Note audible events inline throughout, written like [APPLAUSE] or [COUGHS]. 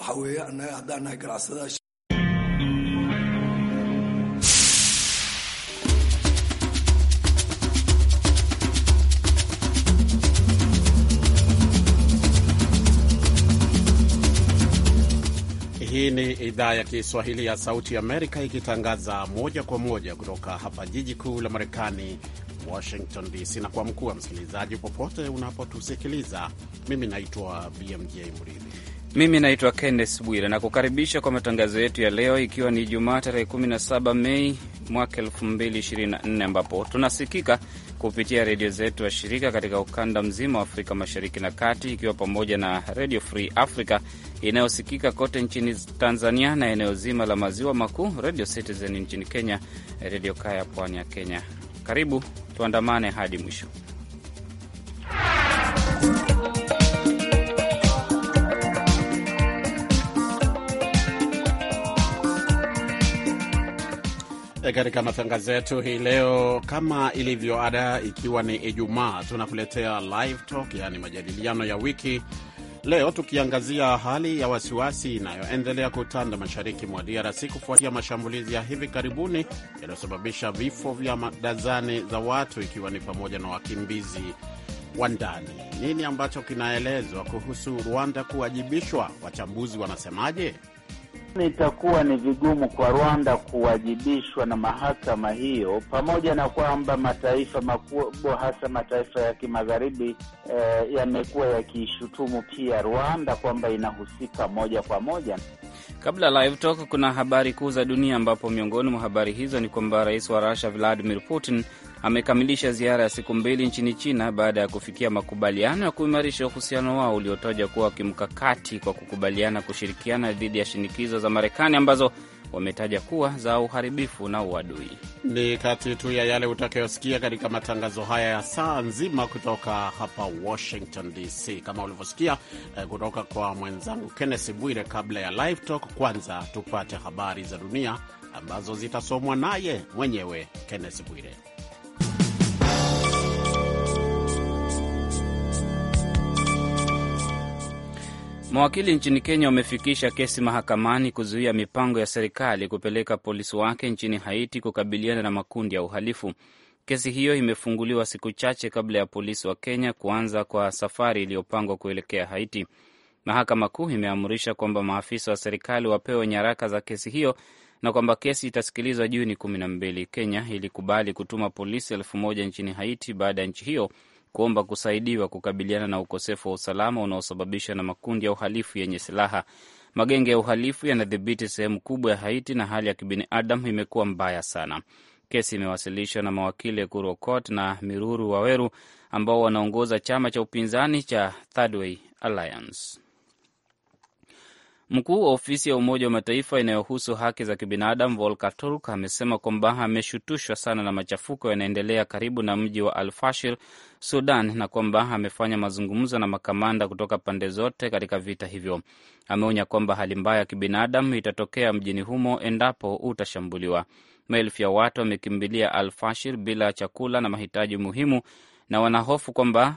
waxa weeye anaga haddaan nahay ganacsadayaasha Hii ni idhaa ya Kiswahili ya Sauti Amerika ikitangaza moja kwa moja kutoka hapa jiji kuu la Marekani, Washington DC. Na kwa mkuu wa msikilizaji, popote unapotusikiliza, mimi naitwa BMJ Mridhi mimi naitwa Kenneth Bwire na kukaribisha kwa matangazo yetu ya leo, ikiwa ni Jumaa tarehe 17 Mei mwaka 2024 ambapo tunasikika kupitia redio zetu ya shirika katika ukanda mzima wa Afrika Mashariki na Kati, ikiwa pamoja na Redio Free Africa inayosikika kote nchini Tanzania na eneo zima la maziwa makuu, Redio Citizen nchini Kenya, Redio Kaya pwani ya Kenya. Karibu tuandamane hadi mwisho. Katika matangazo yetu hii leo, kama ilivyo ada, ikiwa ni Ijumaa, tunakuletea live talk, yaani majadiliano ya wiki, leo tukiangazia hali ya wasiwasi inayoendelea kutanda mashariki mwa DRC kufuatia mashambulizi ya hivi karibuni yaliyosababisha vifo vya dazani za watu, ikiwa ni pamoja na wakimbizi wa ndani. Nini ambacho kinaelezwa kuhusu Rwanda kuwajibishwa? Wachambuzi wanasemaje? Itakuwa ni vigumu kwa Rwanda kuwajibishwa na mahakama hiyo, pamoja na kwamba mataifa makubwa hasa mataifa ya kimagharibi eh, yamekuwa yakiishutumu pia Rwanda kwamba inahusika moja kwa moja. Kabla live talk, kuna habari kuu za dunia, ambapo miongoni mwa habari hizo ni kwamba rais wa Russia Vladimir Putin amekamilisha ziara ya siku mbili nchini China baada ya kufikia makubaliano ya kuimarisha uhusiano wao uliotaja kuwa wa kimkakati kwa kukubaliana kushirikiana dhidi ya shinikizo za Marekani ambazo wametaja kuwa za uharibifu na uadui. Ni kati tu ya yale utakayosikia katika matangazo haya ya saa nzima kutoka hapa Washington DC, kama ulivyosikia eh, kutoka kwa mwenzangu kennes Bwire. Kabla ya live talk, kwanza tupate habari za dunia ambazo zitasomwa naye mwenyewe kennes Bwire. Mawakili nchini Kenya wamefikisha kesi mahakamani kuzuia mipango ya serikali kupeleka polisi wake nchini Haiti kukabiliana na makundi ya uhalifu. Kesi hiyo imefunguliwa siku chache kabla ya polisi wa Kenya kuanza kwa safari iliyopangwa kuelekea Haiti. Mahakama Kuu imeamrisha kwamba maafisa wa serikali wapewe nyaraka za kesi hiyo na kwamba kesi itasikilizwa Juni kumi na mbili. Kenya ilikubali kutuma polisi elfu moja nchini Haiti baada ya nchi hiyo kuomba kusaidiwa kukabiliana na ukosefu wa usalama unaosababishwa na makundi ya uhalifu yenye silaha. Magenge ya uhalifu yanadhibiti sehemu kubwa ya Haiti na hali ya kibinadamu imekuwa mbaya sana. Kesi imewasilishwa na mawakili kurocot na Miruru Waweru ambao wanaongoza chama cha upinzani cha Thirdway Alliance. Mkuu wa ofisi ya Umoja wa Mataifa inayohusu haki za kibinadamu Volker Turk amesema kwamba ameshutushwa sana na machafuko yanaendelea karibu na mji wa alfashir Sudan, na kwamba amefanya mazungumzo na makamanda kutoka pande zote katika vita hivyo. Ameonya kwamba hali mbaya ya kibinadamu itatokea mjini humo endapo utashambuliwa. Maelfu ya watu wamekimbilia alfashir bila chakula na mahitaji muhimu na wanahofu kwamba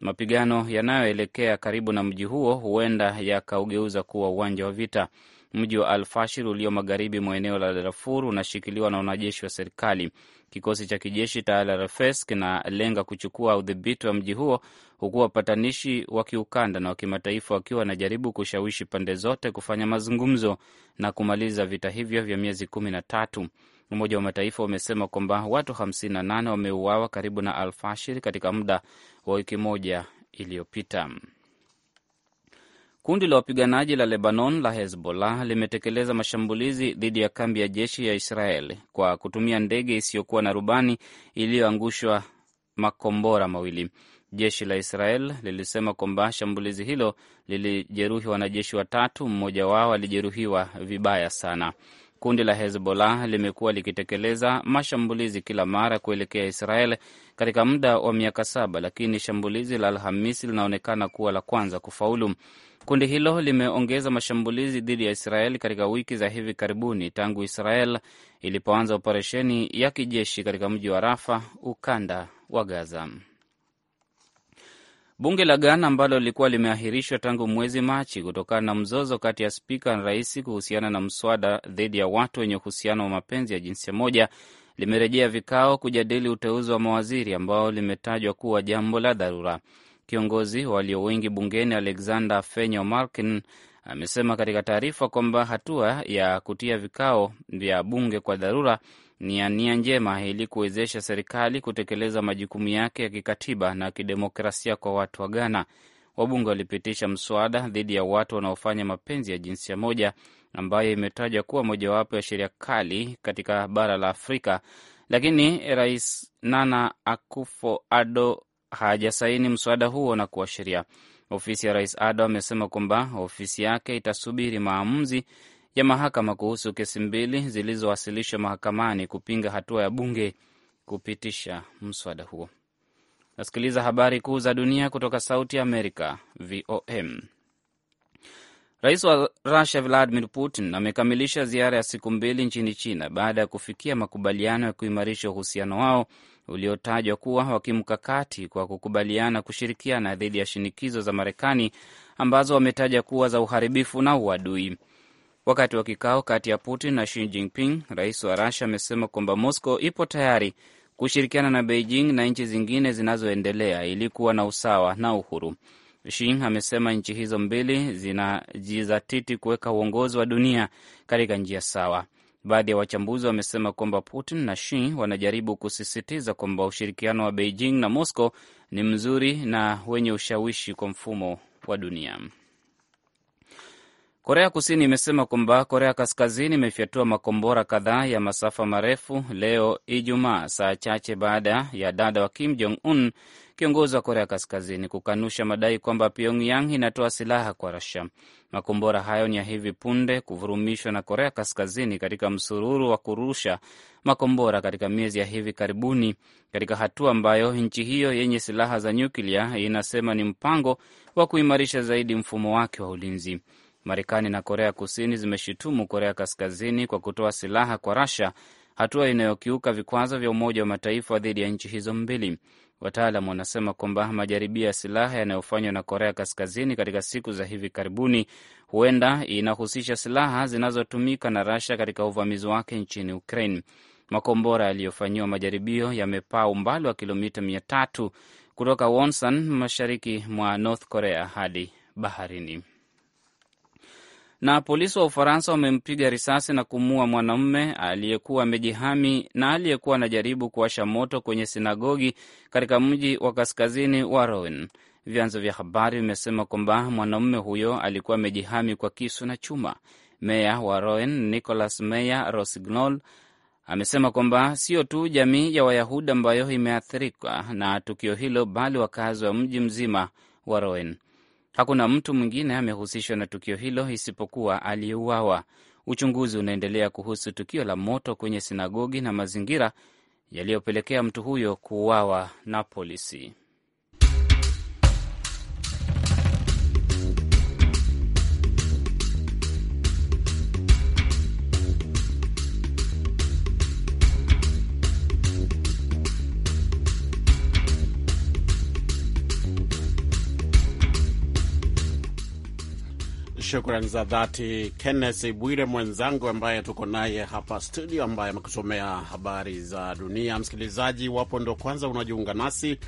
Mapigano yanayoelekea karibu na mji huo huenda yakaugeuza kuwa uwanja wa vita. Mji wa Al-Fashir ulio magharibi mwa eneo la Darfur unashikiliwa na wanajeshi wa serikali. Kikosi cha kijeshi TARFES kinalenga kuchukua udhibiti wa mji huo, huku wapatanishi wa kiukanda na wa kimataifa wakiwa wanajaribu kushawishi pande zote kufanya mazungumzo na kumaliza vita hivyo vya miezi kumi na tatu. Umoja wa Mataifa umesema kwamba watu 58 wameuawa karibu na Alfashir katika muda wa wiki moja iliyopita. Kundi la wapiganaji la Lebanon la Hezbollah limetekeleza mashambulizi dhidi ya kambi ya jeshi ya Israel kwa kutumia ndege isiyokuwa na rubani iliyoangushwa makombora mawili. Jeshi la Israel lilisema kwamba shambulizi hilo lilijeruhi wanajeshi watatu, mmoja wao alijeruhiwa vibaya sana. Kundi la Hezbollah limekuwa likitekeleza mashambulizi kila mara kuelekea Israel katika muda wa miaka saba, lakini shambulizi la Alhamisi linaonekana kuwa la kwanza kufaulu. Kundi hilo limeongeza mashambulizi dhidi ya Israel katika wiki za hivi karibuni tangu Israel ilipoanza operesheni ya kijeshi katika mji wa Rafa, ukanda wa Gaza. Bunge la Ghana ambalo lilikuwa limeahirishwa tangu mwezi Machi kutokana na mzozo kati ya spika na rais kuhusiana na mswada dhidi ya watu wenye uhusiano wa mapenzi ya jinsia moja limerejea vikao kujadili uteuzi wa mawaziri ambao limetajwa kuwa jambo la dharura. Kiongozi walio wengi bungeni Alexander fenyo markin amesema katika taarifa kwamba hatua ya kutia vikao vya bunge kwa dharura ya nia njema ili kuwezesha serikali kutekeleza majukumu yake ya kikatiba na kidemokrasia kwa watu wa Ghana. Wabunge walipitisha mswada dhidi ya watu wanaofanya mapenzi ya jinsia moja ambayo imetajwa kuwa mojawapo ya sheria kali katika bara la Afrika, lakini Rais Nana Akufo-Addo hajasaini mswada huo na kuwa sheria. Ofisi ya Rais Addo amesema kwamba ofisi yake itasubiri maamuzi ya mahakama kuhusu kesi mbili zilizowasilishwa mahakamani kupinga hatua ya bunge kupitisha mswada huo. Nasikiliza habari kuu za dunia kutoka Sauti ya Amerika, VOM. Rais wa Rusia Vladimir Putin amekamilisha ziara ya siku mbili nchini China baada ya kufikia makubaliano ya kuimarisha uhusiano wao uliotajwa kuwa wa kimkakati kwa kukubaliana kushirikiana dhidi ya shinikizo za Marekani ambazo wametaja kuwa za uharibifu na uadui. Wakati wa kikao kati ya Putin na Xi Jinping, rais wa Rusia amesema kwamba Moscow ipo tayari kushirikiana na Beijing na nchi zingine zinazoendelea ili kuwa na usawa na uhuru. Xi amesema nchi hizo mbili zinajizatiti kuweka uongozi wa dunia katika njia sawa. Baadhi ya wachambuzi wamesema kwamba Putin na Xi wanajaribu kusisitiza kwamba ushirikiano wa Beijing na Moscow ni mzuri na wenye ushawishi kwa mfumo wa dunia. Korea Kusini imesema kwamba Korea Kaskazini imefyatua makombora kadhaa ya masafa marefu leo Ijumaa, saa chache baada ya dada wa Kim Jong Un, kiongozi wa Korea Kaskazini, kukanusha madai kwamba Pyongyang inatoa silaha kwa rasia Makombora hayo ni ya hivi punde kuvurumishwa na Korea Kaskazini katika msururu wa kurusha makombora katika miezi ya hivi karibuni, katika hatua ambayo nchi hiyo yenye silaha za nyuklia inasema ni mpango wa kuimarisha zaidi mfumo wake wa ulinzi. Marekani na Korea Kusini zimeshutumu Korea Kaskazini kwa kutoa silaha kwa Russia, hatua inayokiuka vikwazo vya Umoja wa Mataifa dhidi ya nchi hizo mbili. Wataalam wanasema kwamba majaribio ya silaha yanayofanywa na Korea Kaskazini katika siku za hivi karibuni huenda inahusisha silaha zinazotumika na Russia katika uvamizi wake nchini Ukraine. Makombora yaliyofanyiwa majaribio yamepaa umbali wa kilomita mia tatu kutoka Wonsan, mashariki mwa North Korea, hadi baharini na polisi wa Ufaransa wamempiga risasi na kumuua mwanamume aliyekuwa amejihami na aliyekuwa anajaribu kuwasha moto kwenye sinagogi katika mji wa kaskazini wa Rouen. Vyanzo vya habari vimesema kwamba mwanamume huyo alikuwa amejihami kwa kisu na chuma. Meya wa Rouen Nicolas Meyer Rossignol amesema kwamba sio tu jamii ya Wayahudi ambayo imeathirika na tukio hilo, bali wakazi wa mji mzima wa Rouen. Hakuna mtu mwingine amehusishwa na tukio hilo isipokuwa aliyeuawa. Uchunguzi unaendelea kuhusu tukio la moto kwenye sinagogi na mazingira yaliyopelekea mtu huyo kuuawa na polisi. shukran za dhati Kenneth Bwire mwenzangu ambaye tuko naye hapa studio, ambaye amekusomea habari za dunia. Msikilizaji wapo ndo kwanza unajiunga nasi,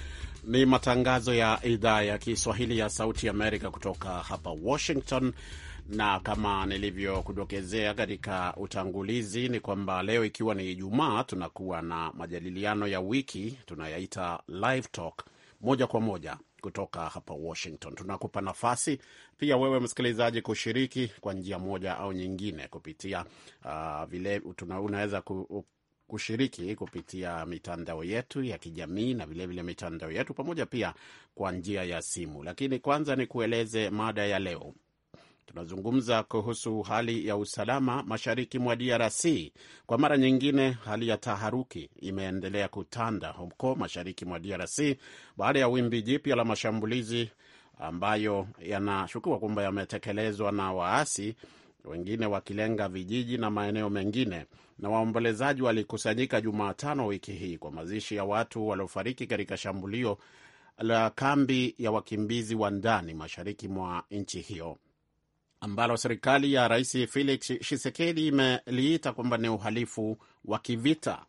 ni matangazo ya idhaa ya Kiswahili ya Sauti Amerika kutoka hapa Washington, na kama nilivyokudokezea katika utangulizi ni kwamba leo ikiwa ni Ijumaa, tunakuwa na majadiliano ya wiki tunayaita Live Talk moja kwa moja kutoka hapa Washington. Tunakupa nafasi pia wewe msikilizaji kushiriki kwa njia moja au nyingine kupitia uh, vile tuna, unaweza ku, kushiriki kupitia mitandao yetu ya kijamii na vilevile mitandao yetu pamoja pia kwa njia ya simu. Lakini kwanza ni kueleze mada ya leo. Tunazungumza kuhusu hali ya usalama mashariki mwa DRC. Kwa mara nyingine, hali ya taharuki imeendelea kutanda huko mashariki mwa DRC baada ya wimbi jipya la mashambulizi ambayo yanashukiwa kwamba yametekelezwa na waasi, wengine wakilenga vijiji na maeneo mengine. Na waombolezaji walikusanyika Jumatano wiki hii kwa mazishi ya watu waliofariki katika shambulio la kambi ya wakimbizi wa ndani mashariki mwa nchi hiyo ambalo serikali ya Rais Felix Tshisekedi imeliita kwamba ni uhalifu wa kivita.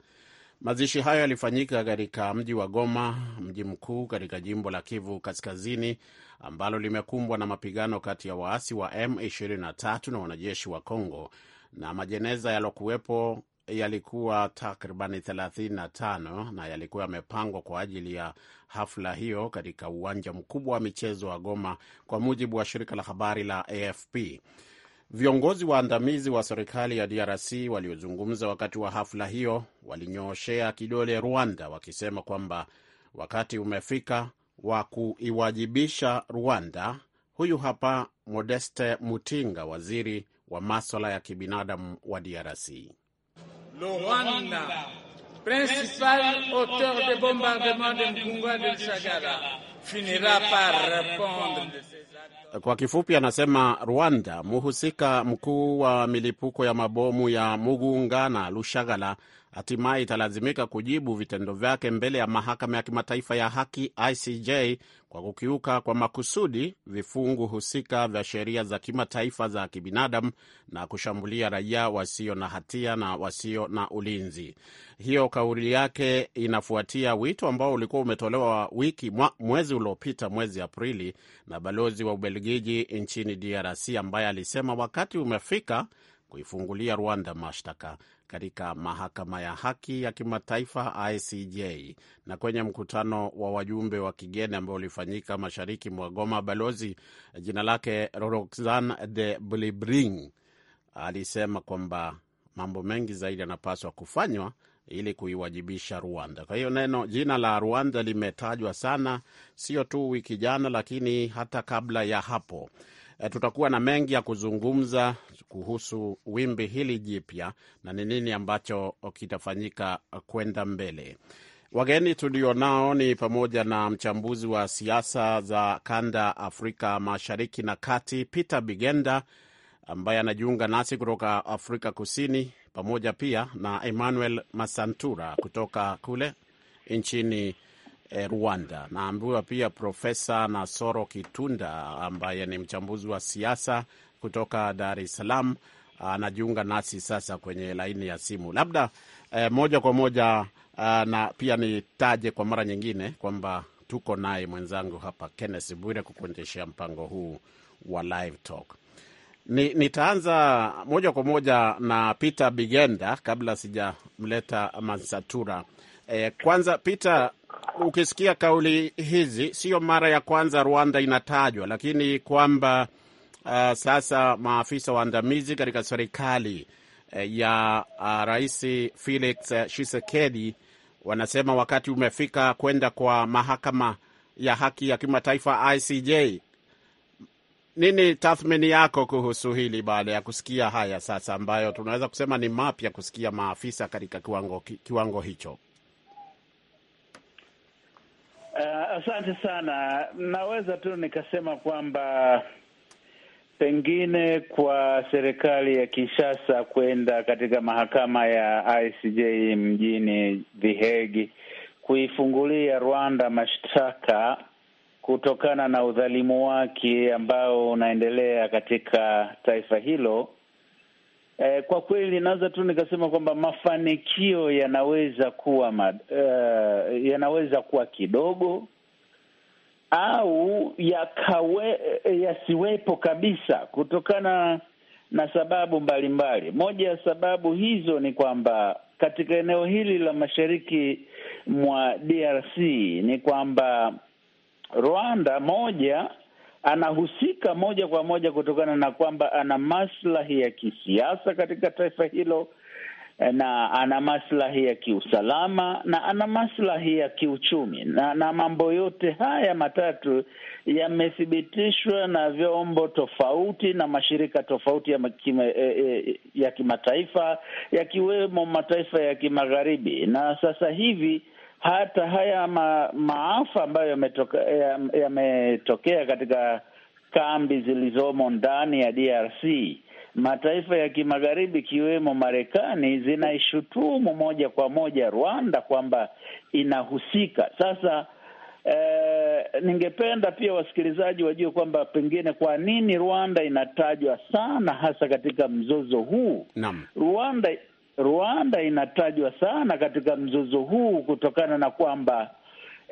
Mazishi hayo yalifanyika katika mji wa Goma, mji mkuu katika jimbo la Kivu Kaskazini, ambalo limekumbwa na mapigano kati ya waasi wa M23 na wanajeshi wa Congo, na majeneza yalokuwepo yalikuwa takribani 35 na yalikuwa yamepangwa kwa ajili ya hafla hiyo katika uwanja mkubwa wa michezo wa Goma, kwa mujibu wa shirika la habari la AFP. Viongozi waandamizi wa serikali ya DRC waliozungumza wakati wa hafla hiyo walinyooshea kidole Rwanda, wakisema kwamba wakati umefika wa kuiwajibisha Rwanda. Huyu hapa Modeste Mutinga, waziri wa maswala ya kibinadamu wa DRC le Rwanda, principal auteur des bombardements de Mkungwa de Chagala, finira par répondre de ces kwa kifupi anasema Rwanda, muhusika mkuu wa milipuko ya mabomu ya Mugunga na Lushagala, hatimaye italazimika kujibu vitendo vyake mbele ya mahakama ya kimataifa ya haki ICJ kwa kukiuka kwa makusudi vifungu husika vya sheria za kimataifa za kibinadamu na kushambulia raia wasio na hatia na wasio na ulinzi. Hiyo kauli yake inafuatia wito ambao ulikuwa umetolewa wiki mwezi uliopita, mwezi Aprili, na balozi wa Ubelgiji nchini DRC ambaye alisema wakati umefika kuifungulia Rwanda mashtaka katika mahakama ya haki ya kimataifa ICJ na kwenye mkutano wa wajumbe wa kigeni ambao ulifanyika mashariki mwa Goma, balozi jina lake roxan de Blibring alisema kwamba mambo mengi zaidi yanapaswa kufanywa ili kuiwajibisha Rwanda. Kwa hiyo neno jina la Rwanda limetajwa sana, sio tu wiki jana, lakini hata kabla ya hapo. Eh, tutakuwa na mengi ya kuzungumza kuhusu wimbi hili jipya na ni nini ambacho kitafanyika kwenda mbele. Wageni tulionao ni pamoja na mchambuzi wa siasa za kanda Afrika Mashariki na Kati, Peter Bigenda ambaye anajiunga nasi kutoka Afrika Kusini, pamoja pia na Emmanuel Masantura kutoka kule nchini e, Rwanda. Naambiwa pia Profesa Nasoro Kitunda ambaye ni mchambuzi wa siasa kutoka Dar es Salaam anajiunga nasi sasa kwenye laini ya simu. Labda e, moja kwa moja a, eh, na pia nitaje kwa mara nyingine kwamba tuko naye mwenzangu hapa Kenneth Bwire kukuendeshea mpango huu wa Live Talk. Ni, nitaanza moja kwa moja na Peter Bigenda kabla sijamleta Mansatura E, kwanza Peter, ukisikia kauli hizi, sio mara ya kwanza Rwanda inatajwa, lakini kwamba uh, sasa maafisa waandamizi katika serikali uh, ya uh, Rais Felix Tshisekedi wanasema wakati umefika kwenda kwa mahakama ya haki ya kimataifa ICJ. Nini tathmini yako kuhusu hili baada ya kusikia haya sasa, ambayo tunaweza kusema ni mapya kusikia maafisa katika kiwango, kiwango hicho? Uh, asante sana. Naweza tu nikasema kwamba pengine kwa serikali ya Kinshasa kwenda katika mahakama ya ICJ mjini The Hague kuifungulia Rwanda mashtaka kutokana na udhalimu wake ambao unaendelea katika taifa hilo Eh, kwa kweli naweza tu nikasema kwamba mafanikio yanaweza kuwa ma, uh, yanaweza kuwa kidogo au yakawe, eh, yasiwepo kabisa kutokana na sababu mbalimbali mbali. Moja ya sababu hizo ni kwamba katika eneo hili la mashariki mwa DRC ni kwamba Rwanda moja anahusika moja kwa moja kutokana na kwamba ana maslahi ya kisiasa katika taifa hilo eh, na ana maslahi ya kiusalama na ana maslahi ya kiuchumi, na, na mambo yote haya matatu yamethibitishwa na vyombo tofauti na mashirika tofauti ya, kima, eh, eh ya kimataifa yakiwemo mataifa ya kimagharibi, na sasa hivi hata haya ma, maafa ambayo yametokea ya, ya katika kambi zilizomo ndani ya DRC, mataifa ya kimagharibi ikiwemo Marekani zinaishutumu moja kwa moja Rwanda kwamba inahusika. Sasa eh, ningependa pia wasikilizaji wajue kwamba pengine kwa nini Rwanda inatajwa sana hasa katika mzozo huu. Naam. Rwanda Rwanda inatajwa sana katika mzozo huu kutokana na kwamba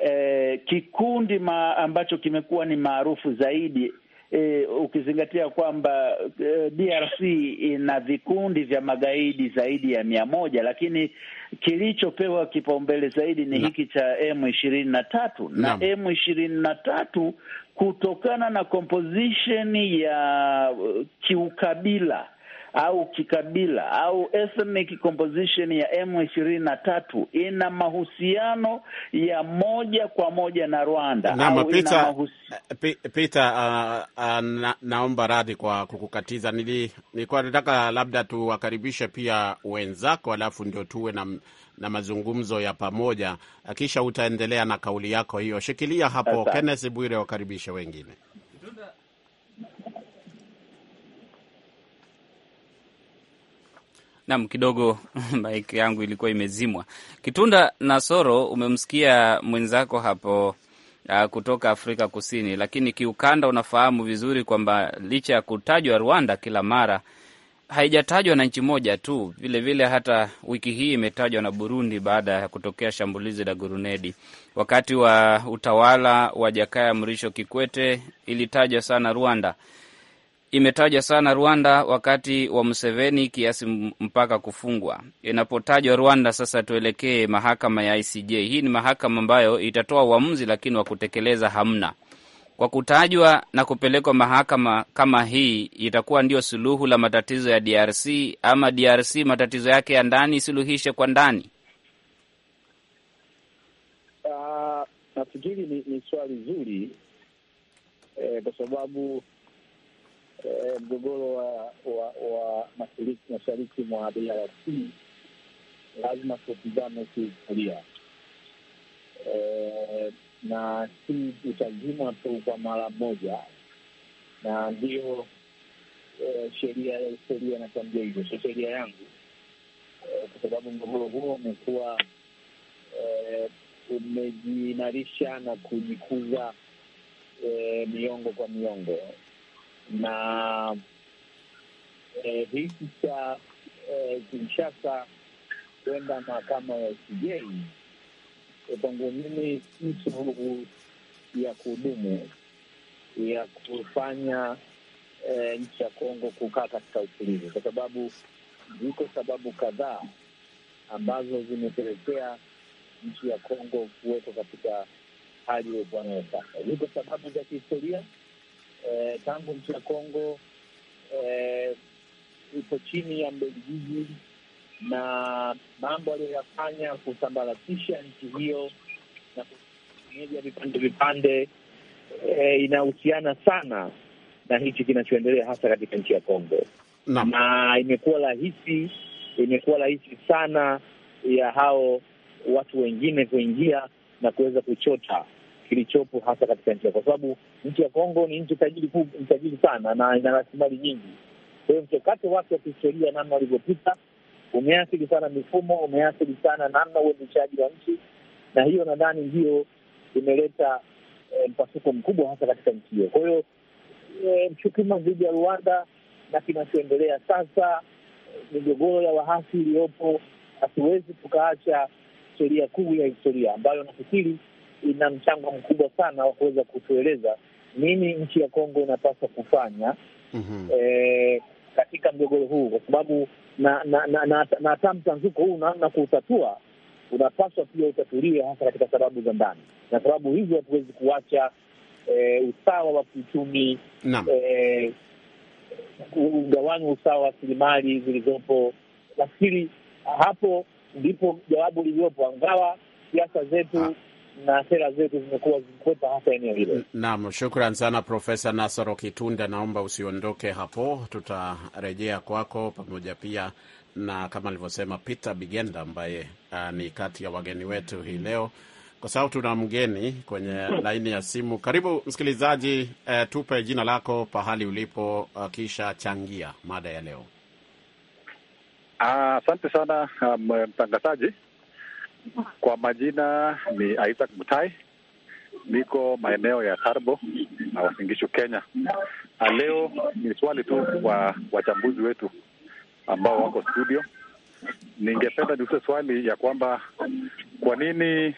eh, kikundi ma ambacho kimekuwa ni maarufu zaidi eh, ukizingatia kwamba eh, DRC ina vikundi vya magaidi zaidi ya mia moja, lakini kilichopewa kipaumbele zaidi ni na hiki cha M ishirini na tatu na M ishirini na tatu kutokana na composition ya eh, kiukabila au kikabila au ethnic composition ya M ishirini na tatu ina mahusiano ya moja kwa moja na Rwanda na au Peter, ina mahusi... Peter uh, uh, na, naomba radhi kwa kukukatiza. Nili, nilikuwa nataka labda tuwakaribishe pia wenzako alafu ndio tuwe na na mazungumzo ya pamoja, uh, kisha utaendelea na kauli yako hiyo. Shikilia hapo, Kenneth Bwire, wakaribishe wengine. Nam, kidogo [LAUGHS] maiki yangu ilikuwa imezimwa. Kitunda na Soro, umemsikia mwenzako hapo uh, kutoka Afrika Kusini, lakini kiukanda unafahamu vizuri kwamba licha ya kutajwa Rwanda kila mara haijatajwa na nchi moja tu, vilevile vile hata wiki hii imetajwa na Burundi baada ya kutokea shambulizi la gurunedi. Wakati wa utawala wa Jakaya Mrisho Kikwete ilitajwa sana Rwanda imetajwa sana Rwanda wakati wa Museveni kiasi mpaka kufungwa. Inapotajwa Rwanda, sasa tuelekee mahakama ya ICJ. Hii ni mahakama ambayo itatoa uamuzi, lakini wa kutekeleza hamna. Kwa kutajwa na kupelekwa mahakama kama hii, itakuwa ndio suluhu la matatizo ya DRC ama DRC matatizo yake ya ndani isuluhishe kwa ndani? Uh, nafikiri ni, ni swali zuri eh, kwa sababu Eh, mgogoro wa, wa, wa mashariki mwa DRC lazima tutizame kihistoria e, na si utazimwa tu kwa mara moja, na ndiyo e, eh, sheria ya historia inakwambia hivyo, sio sheria yangu e, kwa sababu mgogoro huo umekuwa e, umejiimarisha na kujikuza e, miongo kwa miongo na e, hiki cha e, Kinshasa kwenda mahakama ya CJ eh, kwangu mimi si suluhu ya kudumu ya kufanya e, nchi ya Kongo kukaa katika utulivu, kwa sababu ziko sababu kadhaa ambazo zimepelekea nchi ya Kongo kuwekwa katika hali iliyokuwa nayo sasa. Ziko sababu za kihistoria eh, tangu nchi ya Kongo eh, iko chini ya Mbelgiji na mambo aliyoyafanya kusambaratisha nchi hiyo na kumeja vipande vipande, e, inahusiana sana na hichi kinachoendelea hasa katika nchi ya Kongo na, na imekuwa rahisi imekuwa rahisi sana ya hao watu wengine kuingia na kuweza kuchota kilichopo hasa katika nchi, kwa sababu nchi ya Kongo ni nchi tajiri sana na ina rasilimali nyingi. Kwa hiyo mchakato wake wa kihistoria, namna ulivyopita, umeathiri sana mifumo, umeathiri sana namna uendeshaji wa nchi, na hiyo nadhani ndiyo imeleta e, mpasuko mkubwa hasa katika nchi hiyo. Kwa hiyo e, eh, mshukuma dhidi ya Rwanda na kinachoendelea sasa, eh, migogoro ya wahasi iliyopo, hatuwezi tukaacha sheria kuu ya historia ambayo nafikiri ina mchango mkubwa sana wa kuweza kutueleza nini nchi ya Kongo inapaswa kufanya mm -hmm. e, katika mgogoro huu, kwa sababu na na na, na, mtanzuko huu namna kuutatua unapaswa pia utatuliwe hasa katika sababu za ndani, na sababu hizo hatuwezi kuacha e, usawa wa kiuchumi e, usawa wa rasilimali zilizopo. Nafikiri hapo ndipo jawabu liliyopo, angawa siasa zetu ha. Ah na sera zetu zimekuwa zikikwepa hasa eneo hilo. Naam, shukran sana Profesa Nasoro Kitunda, naomba usiondoke hapo, tutarejea kwako pamoja pia na kama alivyosema Peter Bigenda ambaye uh, ni kati ya wageni wetu hii leo, kwa sababu tuna mgeni kwenye [LAUGHS] laini ya simu. Karibu msikilizaji, uh, tupe jina lako, pahali ulipo, uh, kisha changia mada ya leo. Ah, asante uh, sana mtangazaji. Um, kwa majina ni Isaac Mutai, niko maeneo ya Tarbo na Wasingishu, Kenya. Na leo ni swali tu kwa wachambuzi wetu ambao wako studio. Ningependa niuse swali ya kwamba kwa nini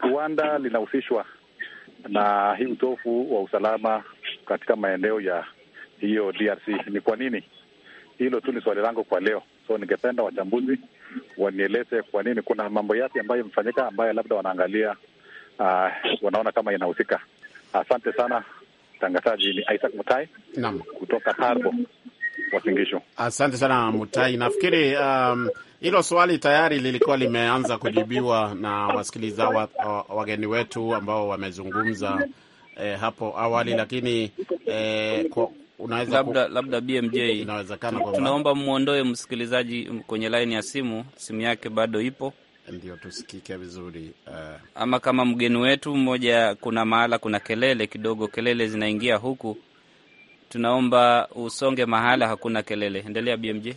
Rwanda linahusishwa na hii utofu wa usalama katika maeneo ya hiyo DRC? Ni kwa nini? Hilo tu ni swali langu kwa leo. So ningependa wachambuzi wanieleze kwa nini, kuna mambo yapi ambayo imefanyika ambayo labda wanaangalia, uh, wanaona kama inahusika. Asante sana mtangazaji. Ni Isaac Mutai naam, kutoka Harbo Wasingisho. Asante sana Mutai. Nafikiri um, hilo swali tayari lilikuwa limeanza kujibiwa na wasikiliza wa, wa, wageni wetu ambao wamezungumza eh, hapo awali, lakini eh, unaweza labda, ku... labda BMJ tunaomba mwondoe msikilizaji kwenye laini ya simu, simu yake bado ipo ndio tusikike vizuri uh... ama kama mgeni wetu mmoja, kuna mahala kuna kelele kidogo, kelele zinaingia huku, tunaomba usonge mahala hakuna kelele. Endelea BMJ.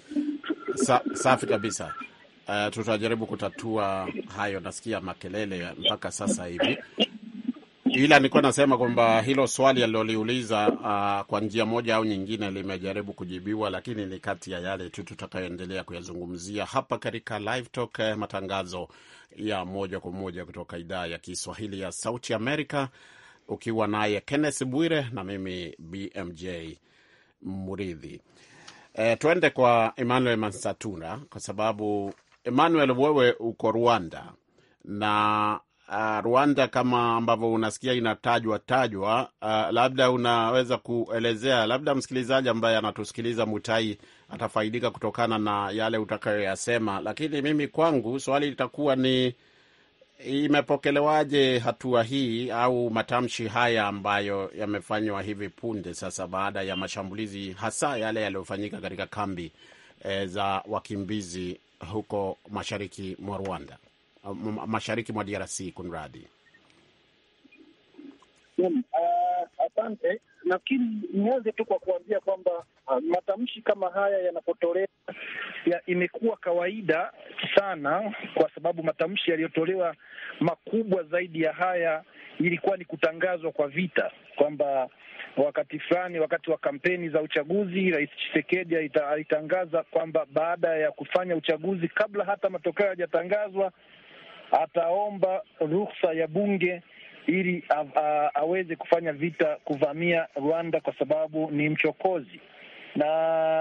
Sa, safi kabisa. Uh, tutajaribu kutatua hayo. Nasikia makelele mpaka sasa hivi ila nilikuwa nasema kwamba hilo swali aliloliuliza uh, kwa njia moja au nyingine limejaribu kujibiwa, lakini ni kati ya yale tu tutakayoendelea kuyazungumzia hapa katika Live Talk, eh, matangazo ya moja kwa moja kutoka idhaa ya Kiswahili ya Sauti Amerika, ukiwa naye Kenneth Bwire na mimi BMJ Muridhi. E, eh, tuende kwa Emmanuel Mansatuna kwa sababu Emmanuel, wewe uko Rwanda na uh, Rwanda kama ambavyo unasikia inatajwa tajwa, uh, labda unaweza kuelezea, labda msikilizaji ambaye anatusikiliza Mutai atafaidika kutokana na yale utakayoyasema, lakini mimi kwangu swali litakuwa ni imepokelewaje hatua hii au matamshi haya ambayo yamefanywa hivi punde sasa baada ya mashambulizi hasa yale yaliyofanyika katika kambi e, za wakimbizi huko mashariki mwa Rwanda? mashariki mwa DRC. Kunradi, ah, asante. lakini nafikiri nianze tu kwa kuambia kwamba uh, matamshi kama haya yanapotolewa ya imekuwa kawaida sana, kwa sababu matamshi yaliyotolewa makubwa zaidi ya haya ilikuwa ni kutangazwa kwa vita, kwamba wakati fulani, wakati wa kampeni za uchaguzi, Rais Tshisekedi alitangaza kwamba baada ya kufanya uchaguzi, kabla hata matokeo hayajatangazwa, ataomba ruhusa ya bunge ili a, a, aweze kufanya vita kuvamia Rwanda kwa sababu ni mchokozi. Na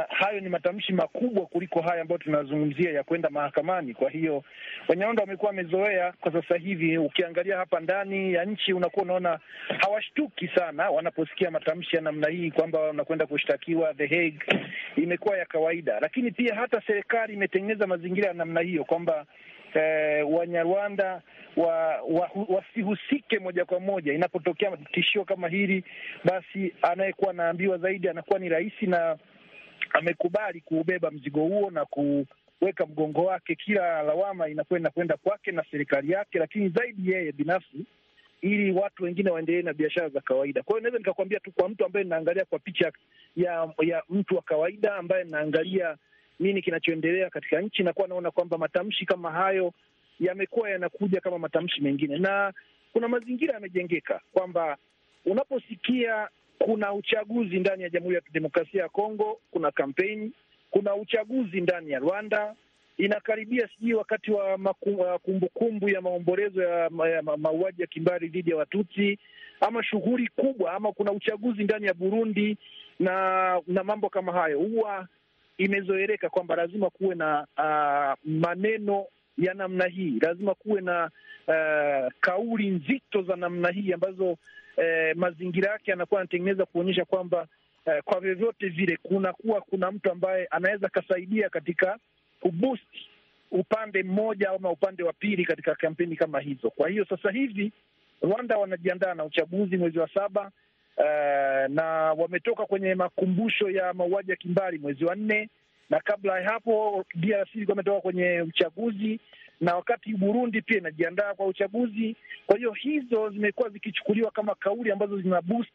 hayo ni matamshi makubwa kuliko haya ambayo tunazungumzia ya kwenda mahakamani. Kwa hiyo Wanyarwanda wamekuwa wamezoea kwa sasa hivi, ukiangalia hapa ndani ya nchi unakuwa unaona hawashtuki sana wanaposikia matamshi ya namna hii kwamba wanakwenda kushtakiwa The Hague, imekuwa ya kawaida. Lakini pia hata serikali imetengeneza mazingira ya namna hiyo kwamba eh, Wanyarwanda wa, wa, wasihusike moja kwa moja inapotokea tishio kama hili, basi anayekuwa anaambiwa zaidi anakuwa ni rais, na amekubali kuubeba mzigo huo na ku weka mgongo wake, kila lawama inakuwa inakwenda kwake na serikali yake, lakini zaidi yeye binafsi, ili watu wengine waendelee na biashara za kawaida. Kwa hiyo naweza nikakwambia tu, kwa mtu ambaye ninaangalia kwa picha ya ya mtu wa kawaida ambaye ninaangalia nini kinachoendelea katika nchi, na kuwa naona kwamba matamshi kama hayo yamekuwa yanakuja kama matamshi mengine, na kuna mazingira yamejengeka kwamba unaposikia kuna uchaguzi ndani ya Jamhuri ya Kidemokrasia ya Kongo, kuna kampeni, kuna uchaguzi ndani ya Rwanda inakaribia sijui wakati wa kumbukumbu kumbu ya maombolezo ya mauaji ya kimbari dhidi ya Watutsi, ama shughuli kubwa, ama kuna uchaguzi ndani ya Burundi na na mambo kama hayo, huwa imezoeleka kwamba lazima kuwe na uh, maneno ya namna hii, lazima kuwe na uh, kauli nzito za namna hii ambazo uh, mazingira yake yanakuwa yanatengeneza kuonyesha kwamba uh, kwa vyovyote vile kunakuwa kuna mtu ambaye anaweza akasaidia katika kubusti upande mmoja ama upande wa pili katika kampeni kama hizo. Kwa hiyo sasa hivi Rwanda wanajiandaa na uchaguzi mwezi wa saba uh, na wametoka kwenye makumbusho ya mauaji ya kimbali mwezi wa nne, na kabla ya hapo DRC ilikuwa imetoka kwenye uchaguzi, na wakati Burundi pia inajiandaa kwa uchaguzi. Kwa hiyo hizo zimekuwa zikichukuliwa kama kauli ambazo zina boost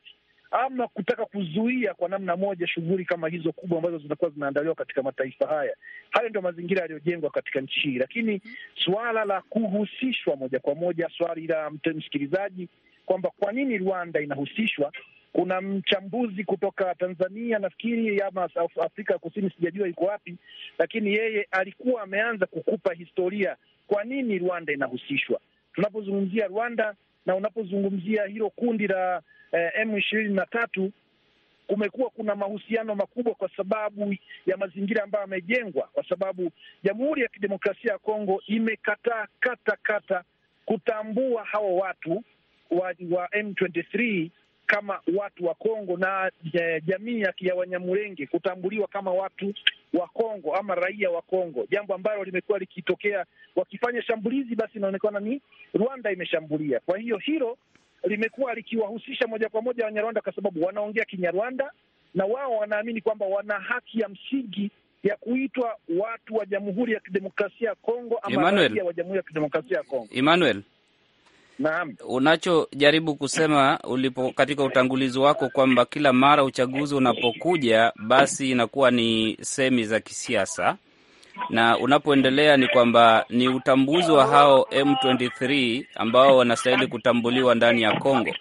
ama kutaka kuzuia kwa namna moja shughuli kama hizo kubwa ambazo zinakuwa zinaandaliwa katika mataifa haya. Hayo ndio mazingira yaliyojengwa katika nchi hii, lakini suala la kuhusishwa moja kwa moja, swali la msikilizaji kwamba kwa nini Rwanda inahusishwa. Kuna mchambuzi kutoka Tanzania nafikiri, ama Afrika ya Kusini, sijajua yuko wapi, lakini yeye alikuwa ameanza kukupa historia kwa nini Rwanda inahusishwa tunapozungumzia Rwanda na unapozungumzia hilo kundi la eh, M ishirini na tatu kumekuwa kuna mahusiano makubwa kwa sababu ya mazingira ambayo yamejengwa, kwa sababu Jamhuri ya Kidemokrasia ya Kongo imekataa kata kutambua hawa watu wa, wa M23 kama watu wa Kongo na e, jamii ya Wanyamulenge kutambuliwa kama watu wa Kongo ama raia wa Kongo, jambo ambalo limekuwa likitokea. Wakifanya shambulizi, basi inaonekana ni Rwanda imeshambulia. Kwa hiyo hilo limekuwa likiwahusisha moja kwa moja Wanyarwanda kwa sababu wanaongea Kinyarwanda na wao wanaamini kwamba wana haki ya msingi ya kuitwa watu wa Jamhuri ya Kidemokrasia ya Kongo ama raia wa Jamhuri ya Kidemokrasia ya Kongo. Emmanuel Naam, unachojaribu kusema ulipo katika utangulizi wako kwamba kila mara uchaguzi unapokuja basi inakuwa ni semi za kisiasa, na unapoendelea ni kwamba ni utambuzi wa hao M23 ambao wanastahili kutambuliwa ndani ya Kongo.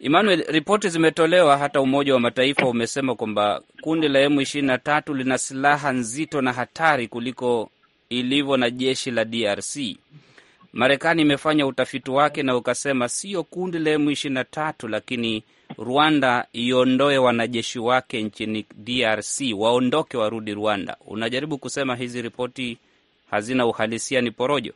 Emmanuel, ripoti zimetolewa, hata Umoja wa Mataifa umesema kwamba kundi la M23 lina silaha nzito na hatari kuliko ilivyo na jeshi la DRC. Marekani imefanya utafiti wake na ukasema sio kundi la M23, lakini Rwanda iondoe wanajeshi wake nchini DRC, waondoke warudi Rwanda. Unajaribu kusema hizi ripoti hazina uhalisia, ni porojo?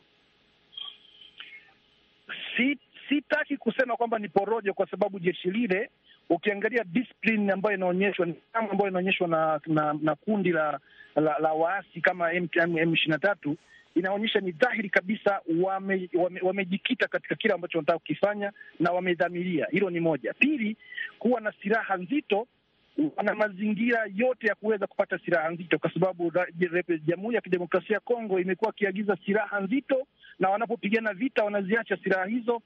Si, sitaki kusema kwamba ni porojo, kwa sababu jeshi lile ukiangalia discipline ambayo inaonyeshwa nidhamu ambayo inaonyeshwa na, na, na kundi la, la, la waasi kama M ishirini na tatu inaonyesha ni dhahiri kabisa wamejikita wame, wame katika kile ambacho wanataka kukifanya na wamedhamiria. Hilo ni moja. Pili, kuwa na silaha nzito wana mazingira yote ya kuweza kupata silaha nzito, kwa sababu Jamhuri ya Kidemokrasia ya Kongo imekuwa akiagiza silaha nzito, na wanapopigana vita wanaziacha silaha hizo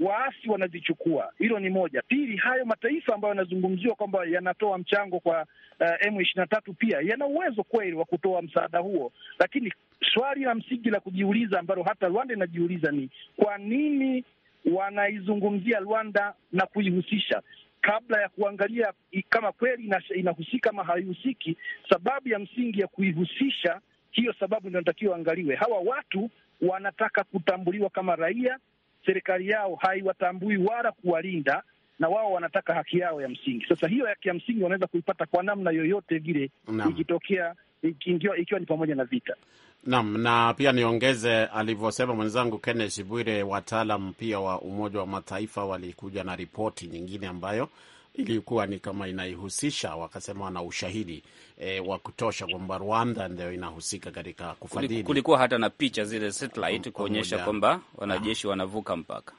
waasi wanazichukua. Hilo ni moja. Pili, hayo mataifa ambayo yanazungumziwa kwamba yanatoa mchango kwa uh, M ishirini na tatu pia yana uwezo kweli wa kutoa msaada huo, lakini swali la msingi la kujiuliza ambalo hata Rwanda inajiuliza ni kwa nini wanaizungumzia Rwanda na kuihusisha kabla ya kuangalia kama kweli inahusika ama haihusiki. Sababu ya msingi ya kuihusisha, hiyo sababu ndio inatakiwa angaliwe. Hawa watu wanataka kutambuliwa kama raia serikali yao haiwatambui wala kuwalinda, na wao wanataka haki yao ya msingi. Sasa hiyo haki ya msingi wanaweza kuipata kwa namna yoyote vile, ikitokea ikiwa, ikiwa ni pamoja na vita. nam na pia niongeze alivyosema mwenzangu Kenneth Bwire, wataalam pia wa Umoja wa Mataifa walikuja na ripoti nyingine ambayo ilikuwa ni kama inaihusisha, wakasema wana ushahidi e, wa kutosha kwamba Rwanda ndio inahusika katika kufadhili. Kulikuwa hata na picha zile satellite kuonyesha kwamba ah. wanajeshi wanavuka mpaka.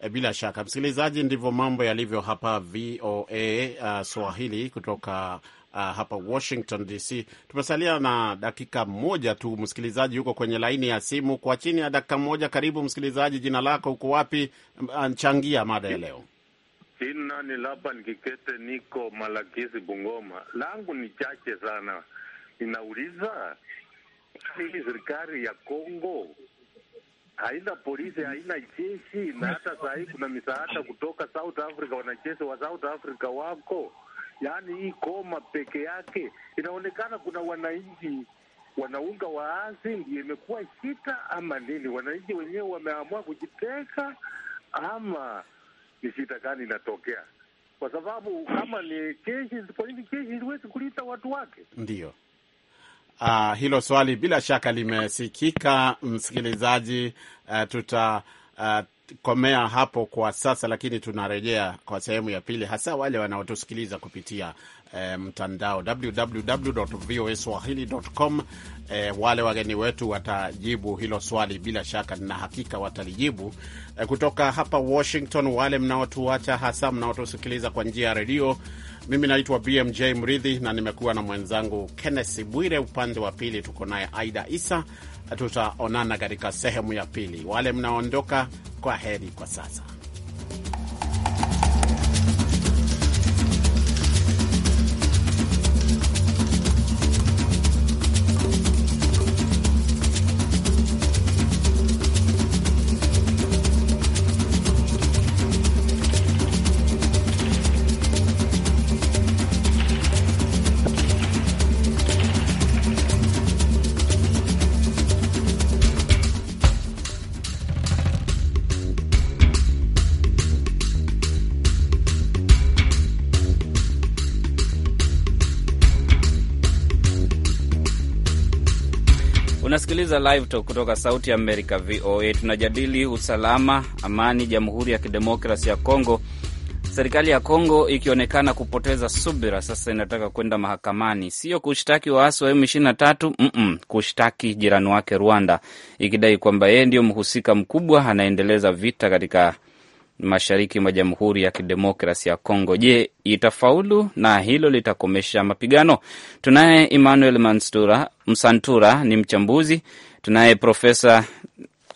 E, bila shaka msikilizaji, ndivyo mambo yalivyo hapa VOA uh, Swahili kutoka uh, hapa Washington DC. Tumesalia na dakika moja tu. Msikilizaji yuko kwenye laini ya simu kwa chini ya dakika moja. Karibu msikilizaji, jina lako, uko wapi? Uh, changia mada ya leo. Jina nani laba nikikete niko Malagizi Bungoma. Langu ni chache sana. inauliza hii serikali ya Kongo haina polisi, haina jeshi, na hata saa hii kuna misaada kutoka South Africa. Wanajeshi wa South Africa wako yaani, hii koma peke yake inaonekana kuna wananchi wanaunga waasi, ndio imekuwa shita ama nini? Wananchi wenyewe wameamua kujiteka ama ni shida gani inatokea, kwa sababu kama ni kesi, kwa nini kesi liwezi kulita watu wake? Ndio. Uh, hilo swali bila shaka limesikika msikilizaji. Uh, tuta uh, komea hapo kwa sasa, lakini tunarejea kwa sehemu ya pili, hasa wale wanaotusikiliza kupitia e, mtandao www.voaswahili.com. E, wale wageni wetu watajibu hilo swali bila shaka na hakika watalijibu. E, kutoka hapa Washington, wale mnaotuacha, hasa mnaotusikiliza kwa njia ya redio, mimi naitwa BMJ Mridhi na nimekuwa na mwenzangu Kenneth Bwire, upande wa pili tuko naye Aida Isa tutaonana katika sehemu ya pili. Wale mnaondoka, kwa heri kwa sasa. unasikiliza Live Talk kutoka Sauti ya Amerika, VOA. Tunajadili usalama, amani Jamhuri ya Kidemokrasi ya Kongo, serikali ya Kongo ikionekana kupoteza subira, sasa inataka kwenda mahakamani, sio kushtaki waasi wa M23, mm -mm, kushtaki jirani wake Rwanda, ikidai kwamba yeye ndio mhusika mkubwa anaendeleza vita katika mashariki mwa Jamhuri ya Kidemokrasi ya Kongo. Je, itafaulu na hilo litakomesha mapigano? Tunaye Emmanuel Manstura, Msantura ni mchambuzi, tunaye Profesa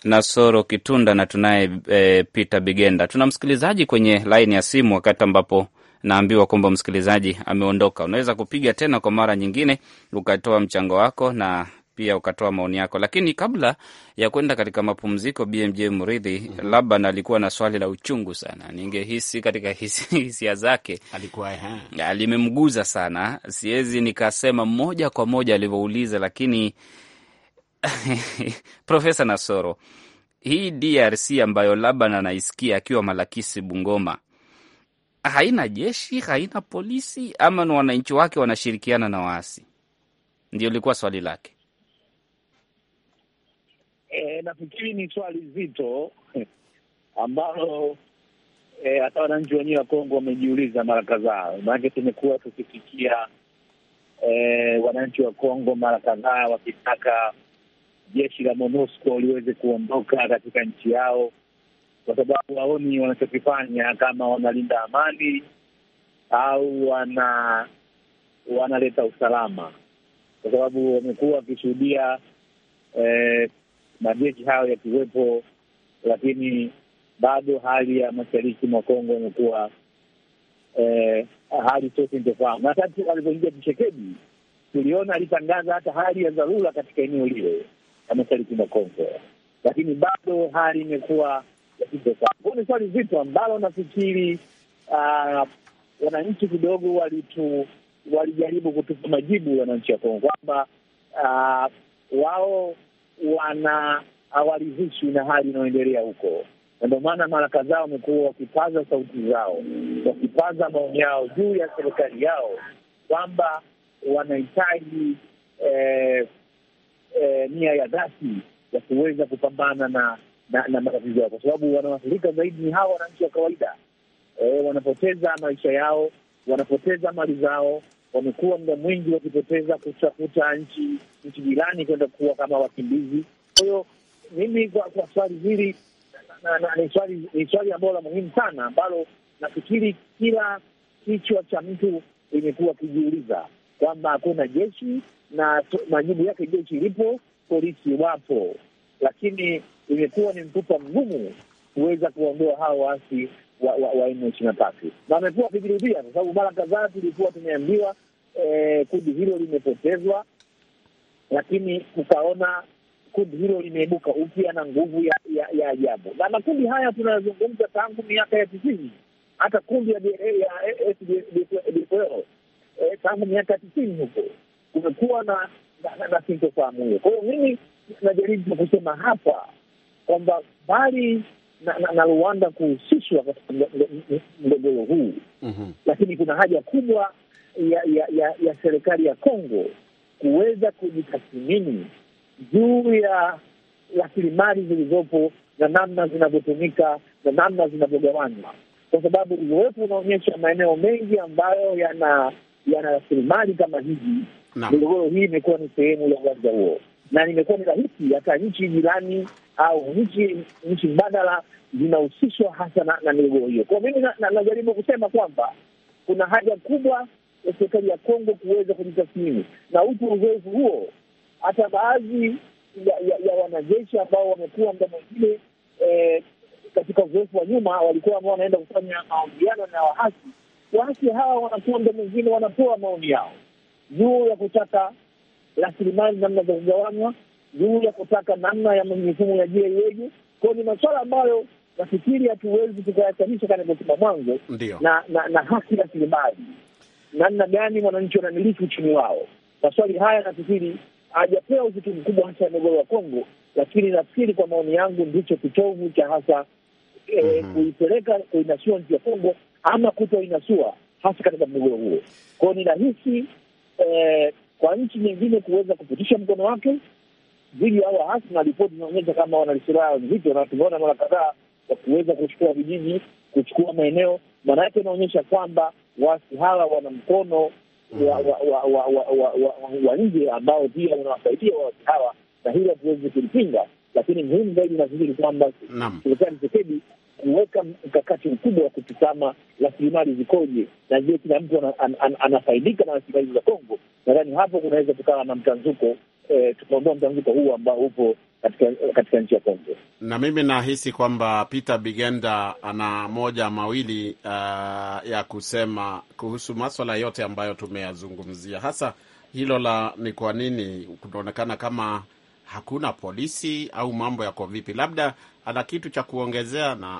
Nasoro Kitunda na tunaye e, Peter Bigenda. Tuna msikilizaji kwenye laini ya simu, wakati ambapo naambiwa kwamba msikilizaji ameondoka. Unaweza kupiga tena kwa mara nyingine ukatoa mchango wako na pia ukatoa maoni yako, lakini kabla ya kwenda katika mapumziko, BMJ Mridhi, mm -hmm. labda alikuwa na swali la uchungu sana, ningehisi katika [LAUGHS] hisia hisi zake limemguza sana, siwezi nikasema moja kwa moja alivyouliza, lakini [LAUGHS] Profesa Nasoro, hii DRC ambayo labda anaisikia akiwa Malakisi, Bungoma, haina jeshi, haina polisi, ama ni wananchi wake wanashirikiana na waasi? Ndio ilikuwa swali lake. E, nafikiri ni swali zito eh, ambalo e, hata wananchi wenyewe wa Kongo wamejiuliza mara kadhaa, maanake tumekuwa tukifikia e, wananchi wa Kongo mara kadhaa wakitaka jeshi la MONUSCO liweze kuondoka katika nchi yao, kwa sababu waoni wanachokifanya kama wanalinda amani au wana wanaleta usalama, kwa sababu wamekuwa wakishuhudia eh, majeshi hayo yakiwepo, lakini bado hali ya mashariki mwa Kongo imekuwa eh, hali sio sintofahamu. Na tatu alivyoingia Tshisekedi tuliona alitangaza hata hali ya dharura katika eneo lile la mashariki mwa Kongo, lakini bado hali imekuwa ya sintofahamu. Kwao ni swali zito ambalo nafikiri uh, wananchi kidogo walitu walijaribu kutupa majibu wananchi wa Kongo kwamba uh, wao wana hawalizishwi ah, na hali inayoendelea huko, na ndio maana mara kadhaa wamekuwa wakipaza sauti zao, wakipaza maoni yao juu ya serikali yao kwamba wanahitaji eh, eh, nia ya dhati ya kuweza kupambana na na, na matatizo yao, kwa sababu wanaoathirika zaidi ni hawa wananchi wa kawaida. eh, wanapoteza maisha yao, wanapoteza mali zao, wamekuwa muda mwingi wakipoteza kutafuta nchi nchi jirani kwenda kuwa kama wakimbizi. Kwa hiyo mimi kwa, kwa swali hili ni swali ambalo la muhimu sana ambalo nafikiri kila kichwa cha mtu imekuwa kijiuliza kwamba hakuna jeshi na majibu yake, jeshi lipo, polisi wapo, lakini imekuwa ni mfupa mgumu kuweza kuwaondoa hawa waasi wa, wa, wa M ishirini na tatu na wamekuwa wakijirudia, kwa sababu mara kadhaa tulikuwa tumeambiwa eh, kundi hilo limepotezwa, lakini tukaona kundi hilo limeibuka upya na nguvu ya ajabu, na makundi haya tunayozungumza tangu miaka ya tisini, hata kundi ya eh, tangu miaka tisini huko kumekuwa na na sintofahamu hiyo. Kwa hiyo mimi najaribu kusema hapa kwamba mbali na, na, na Rwanda kuhusishwa katika mgogoro huu mm -hmm. Lakini kuna haja kubwa ya ya, ya, ya serikali ya Kongo kuweza kujitathmini juu ya rasilimali zilizopo na namna zinavyotumika na namna zinavyogawanywa, kwa sababu uzoefu unaonyesha maeneo mengi ambayo yana yana rasilimali kama hizi, migogoro hii imekuwa ni sehemu ya uwanja huo, na nimekuwa ni rahisi hata nchi jirani au nchi nchi mbadala zinahusishwa hasa na, na migogoro hiyo. Kwa mimi najaribu na, na kusema kwamba kuna haja kubwa serikali ya Kongo kuweza kujitathmini, na upo uzoefu huo hata baadhi ya, ya, ya wanajeshi ambao wamekuwa mda mwingine eh, katika uzoefu wa nyuma walikuwa ambao wanaenda kufanya mahojiano na wahasi. Wahasi hawa wanakuwa mda mwingine wanatoa maoni yao juu ya kutaka rasilimali namna za kugawanywa, juu ya kutaka namna ya mifumo ya jira iweje. Kwao ni masuala ambayo nafikiri hatuwezi tukayachanisha kama mwanzo na, na, na haki rasilimali namna gani wananchi wanamiliki uchumi wao. Maswali haya nafikiri hajapewa uzito mkubwa hasa ya mgogoro wa Kongo, lakini nafikiri kwa maoni yangu ndicho kitovu cha hasa e, mm -hmm. kuipeleka kuinasua nchi ya Kongo ama kutoinasua hasa katika mgogoro huo. Kwao ni rahisi e, kwa nchi nyingine kuweza kupitisha mkono wake dhidi ya hawa na ripoti zinaonyesha kama wana silaha nzito, na tumeona mara kadhaa wakuweza kuchukua vijiji, kuchukua maeneo. Maana yake inaonyesha kwamba watu hawa wana mkono wa, nje ambao pia unawasaidia wasi hawa, na hili hatuwezi kulipinga, lakini muhimu zaidi nafikiri kwamba serikali Chekedi kuweka mkakati mkubwa wa kutizama rasilimali zikoje, na je, kila mtu anafaidika na rasilimali za Kongo. Nadhani hapo kunaweza tukawa na mtanzuko eh, tukaondoa mtanzuko huu ambao upo katika, katika nchi ya Kongo. Na mimi nahisi kwamba Peter Bigenda ana moja mawili uh, ya kusema kuhusu maswala yote ambayo tumeyazungumzia, hasa hilo la ni kwa nini kunaonekana kama hakuna polisi au mambo yako vipi. Labda ana kitu cha kuongezea na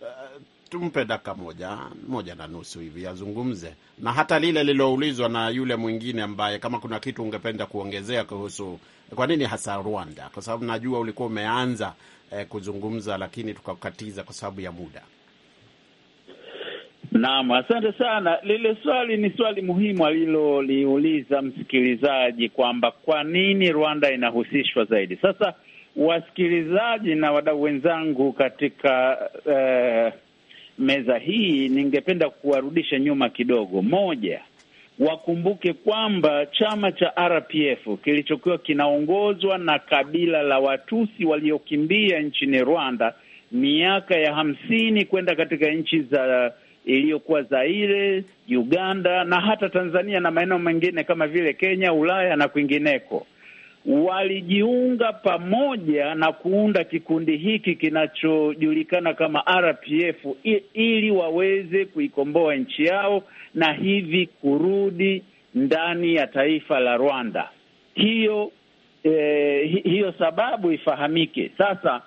uh, tumpe dakika moja moja na nusu hivi azungumze, na hata lile liloulizwa na yule mwingine ambaye, kama kuna kitu ungependa kuongezea kuhusu kwa nini hasa Rwanda, kwa sababu najua ulikuwa umeanza eh, kuzungumza lakini tukakatiza kwa sababu ya muda. Naam, asante sana. Lile swali ni swali muhimu aliloliuliza msikilizaji kwamba kwa nini Rwanda inahusishwa zaidi. Sasa wasikilizaji na wadau wenzangu katika eh, meza hii, ningependa kuwarudisha nyuma kidogo. Moja, wakumbuke kwamba chama cha RPF kilichokuwa kinaongozwa na kabila la Watusi waliokimbia nchini Rwanda miaka ya hamsini kwenda katika nchi za iliyokuwa Zaire, Uganda na hata Tanzania na maeneo mengine kama vile Kenya, Ulaya na kwingineko walijiunga pamoja na kuunda kikundi hiki kinachojulikana kama RPF ili waweze kuikomboa nchi yao na hivi kurudi ndani ya taifa la Rwanda. Hiyo eh, hiyo sababu ifahamike. Sasa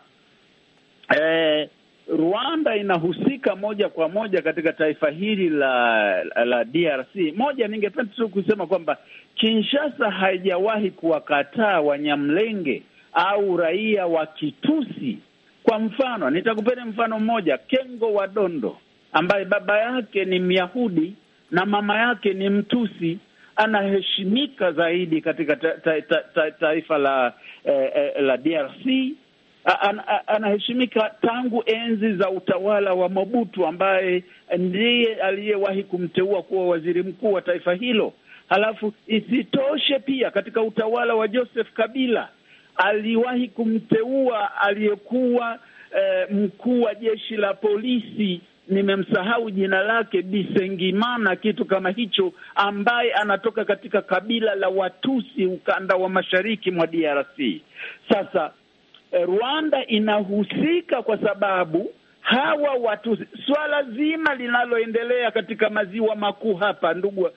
eh, Rwanda inahusika moja kwa moja katika taifa hili la la DRC. Moja, ningependa tu kusema kwamba Kinshasa haijawahi kuwakataa Wanyamlenge au raia wa Kitusi. Kwa mfano, nitakupeni mfano mmoja, Kengo wa Dondo ambaye baba yake ni Myahudi na mama yake ni Mtusi anaheshimika zaidi katika ta, ta, ta, ta, taifa la, eh, eh, la DRC anaheshimika tangu enzi za utawala wa Mobutu ambaye ndiye aliyewahi kumteua kuwa waziri mkuu wa taifa hilo. Halafu isitoshe pia katika utawala wa Joseph Kabila aliwahi kumteua aliyekuwa eh, mkuu wa jeshi la polisi, nimemsahau jina lake, Bisengimana kitu kama hicho, ambaye anatoka katika kabila la Watusi ukanda wa mashariki mwa DRC. Sasa Rwanda inahusika kwa sababu hawa watu, swala zima linaloendelea katika maziwa makuu hapa, ndugu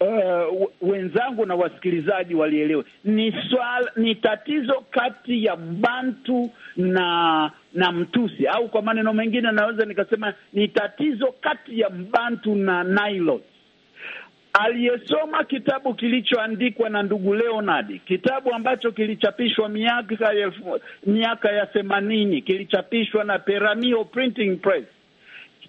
uh, wenzangu na wasikilizaji walielewe, ni swala, ni tatizo kati ya mbantu na na mtusi, au kwa maneno mengine naweza nikasema ni tatizo kati ya mbantu na nylon aliyesoma kitabu kilichoandikwa na ndugu Leonard, kitabu ambacho kilichapishwa miaka ya miaka ya themanini, kilichapishwa na Peramio Printing Press,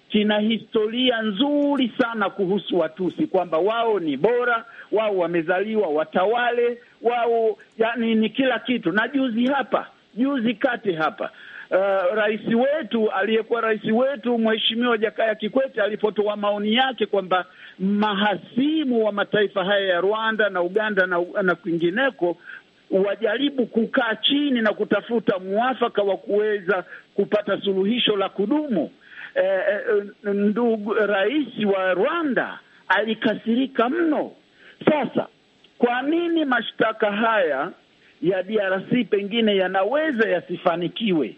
kina historia nzuri sana kuhusu Watusi, kwamba wao ni bora, wao wamezaliwa watawale, wao yani ni kila kitu. Na juzi hapa juzi kati hapa uh, rais wetu aliyekuwa rais wetu Mheshimiwa Jakaya Kikwete alipotoa maoni yake kwamba mahasimu wa mataifa haya ya Rwanda na Uganda na, na kwingineko wajaribu kukaa chini na kutafuta mwafaka wa kuweza kupata suluhisho la kudumu. Eh, eh ndugu rais wa Rwanda alikasirika mno. Sasa kwa nini mashtaka haya ya DRC pengine yanaweza yasifanikiwe?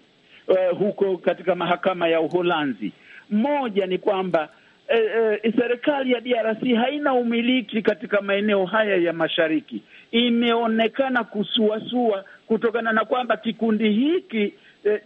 uh, huko katika mahakama ya Uholanzi. Moja ni kwamba uh, uh, serikali ya DRC haina umiliki katika maeneo haya ya mashariki. Imeonekana kusuasua kutokana na kwamba kikundi hiki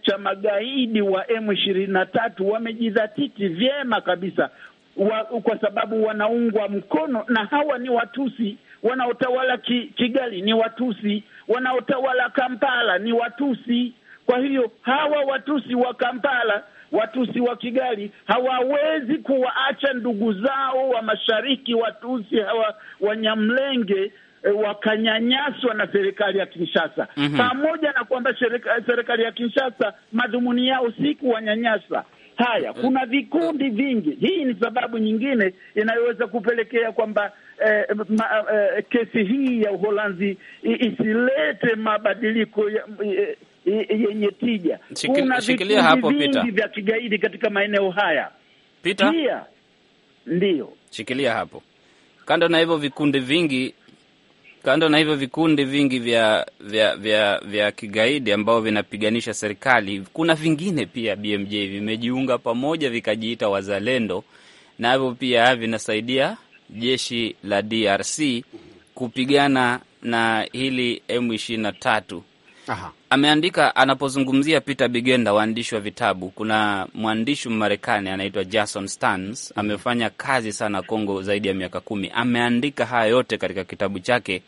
cha magaidi wa M23 wamejidhatiti vyema kabisa wa, kwa sababu wanaungwa mkono na hawa ni Watusi wanaotawala ki, Kigali ni Watusi wanaotawala Kampala ni Watusi kwa hiyo hawa Watusi wa Kampala, Watusi wa Kigali hawawezi kuwaacha ndugu zao wa mashariki, Watusi hawa Wanyamlenge eh, wakanyanyaswa na serikali ya Kinshasa mm -hmm. Pamoja na kwamba serikali ya Kinshasa madhumuni yao si kuwanyanyasa. Haya, kuna vikundi vingi. Hii ni sababu nyingine inayoweza kupelekea kwamba eh, ma, eh, kesi hii ya Uholanzi isilete mabadiliko ya, eh, E, yenye tija. Kuna vikundi vingi vya kigaidi katika maeneo haya Peter. Pia ndio, shikilia hapo. Kando na hivyo vikundi vingi kando na hivyo vikundi vingi vya vya vya, vya kigaidi ambao vinapiganisha serikali, kuna vingine pia BMJ vimejiunga pamoja vikajiita wazalendo, na hivyo pia vinasaidia jeshi la DRC kupigana na hili M23. Aha ameandika anapozungumzia Peter Bigenda, waandishi wa vitabu. Kuna mwandishi Mmarekani anaitwa Jason Stans, mm. amefanya kazi sana Kongo zaidi ya miaka kumi. Ameandika haya yote katika kitabu chake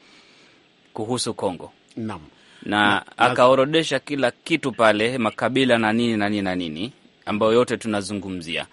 kuhusu Kongo na, na akaorodesha kila kitu pale, makabila na nini na nini na nini, ambayo yote tunazungumzia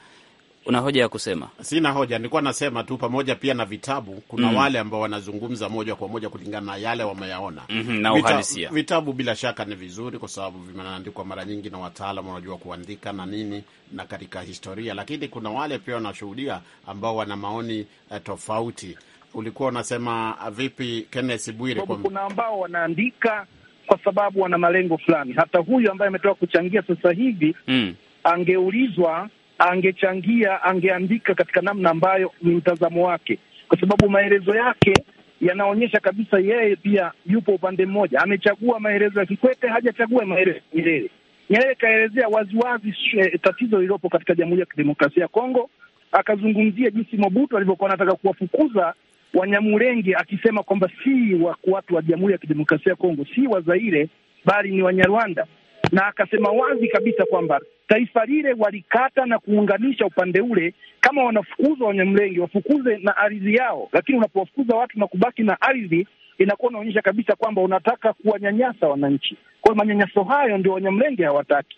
Una hoja ya kusema? Sina hoja, nilikuwa nasema tu pamoja pia na vitabu kuna mm. wale ambao wanazungumza moja kwa moja kulingana na yale wameyaona mm -hmm, na uhalisia. Vitabu bila shaka ni vizuri, kwa sababu vimeandikwa mara nyingi na wataalamu wanajua kuandika na nini na katika historia, lakini kuna wale pia wanashuhudia ambao wana maoni eh, tofauti. Ulikuwa unasema ah, vipi, Kenneth Bwire? Kwa kuna ambao wanaandika kwa sababu wana malengo fulani. Hata huyu ambaye ametoka kuchangia sasa hivi mm. angeulizwa angechangia, angeandika katika namna ambayo ni mtazamo wake, kwa sababu maelezo yake yanaonyesha kabisa yeye pia yupo upande mmoja. Amechagua maelezo ya Kikwete, hajachagua maelezo ya Nyerere. Nyerere kaelezea waziwazi eh, tatizo lililopo katika Jamhuri ya Kidemokrasia ya Kongo, akazungumzia jinsi Mobutu alivyokuwa anataka kuwafukuza Wanyamulenge akisema kwamba si wa watu wa Jamhuri ya Kidemokrasia ya Kongo, si wa Zaire bali ni Wanyarwanda na akasema wazi kabisa kwamba taifa lile walikata na kuunganisha upande ule. Kama wanafukuzwa Wanyamlenge wafukuze na ardhi yao, lakini unapowafukuza watu na kubaki na ardhi inakuwa unaonyesha kabisa kwamba unataka kuwanyanyasa wananchi. Kwa hiyo manyanyaso hayo ndio Wanyamlenge hawataki.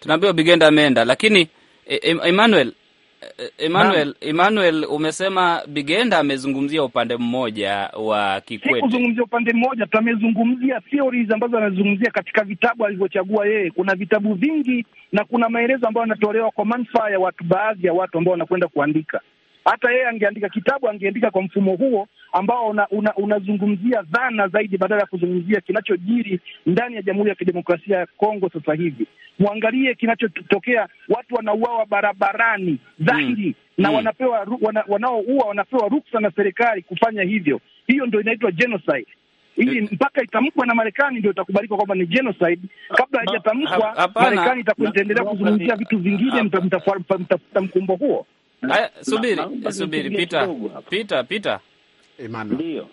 Tunaambiwa Bigenda ameenda, lakini e, e, Emmanuel Eh, Emmanuel, Emmanuel umesema Bigenda amezungumzia upande mmoja wa Kikwete. Sikuzungumzia upande mmoja tu, amezungumzia theories ambazo anazungumzia katika vitabu alivyochagua yeye. Kuna vitabu vingi na kuna maelezo ambayo yanatolewa kwa manufaa ya watu, baadhi ya watu ambao wanakwenda kuandika. Hata yeye angeandika kitabu, angeandika kwa mfumo huo ambao unazungumzia una, una dhana zaidi badala ya kuzungumzia kinachojiri ndani ya Jamhuri ya Kidemokrasia ya Kongo sasa hivi. Mwangalie kinachotokea, watu wanauawa barabarani dhahiri, mm. na mm. wanapewa wana, wanaoua wanapewa ruksa na serikali kufanya hivyo. Hiyo ndio inaitwa genocide. Hii eh. mpaka itamkwa na Marekani ndio itakubalika kwamba ni genocide. Kabla haijatamkwa, Marekani itaendelea kuzungumzia vitu vingine, mtamkumbo huo subiri subiri, Peter Peter Peter, Emmanuel ndio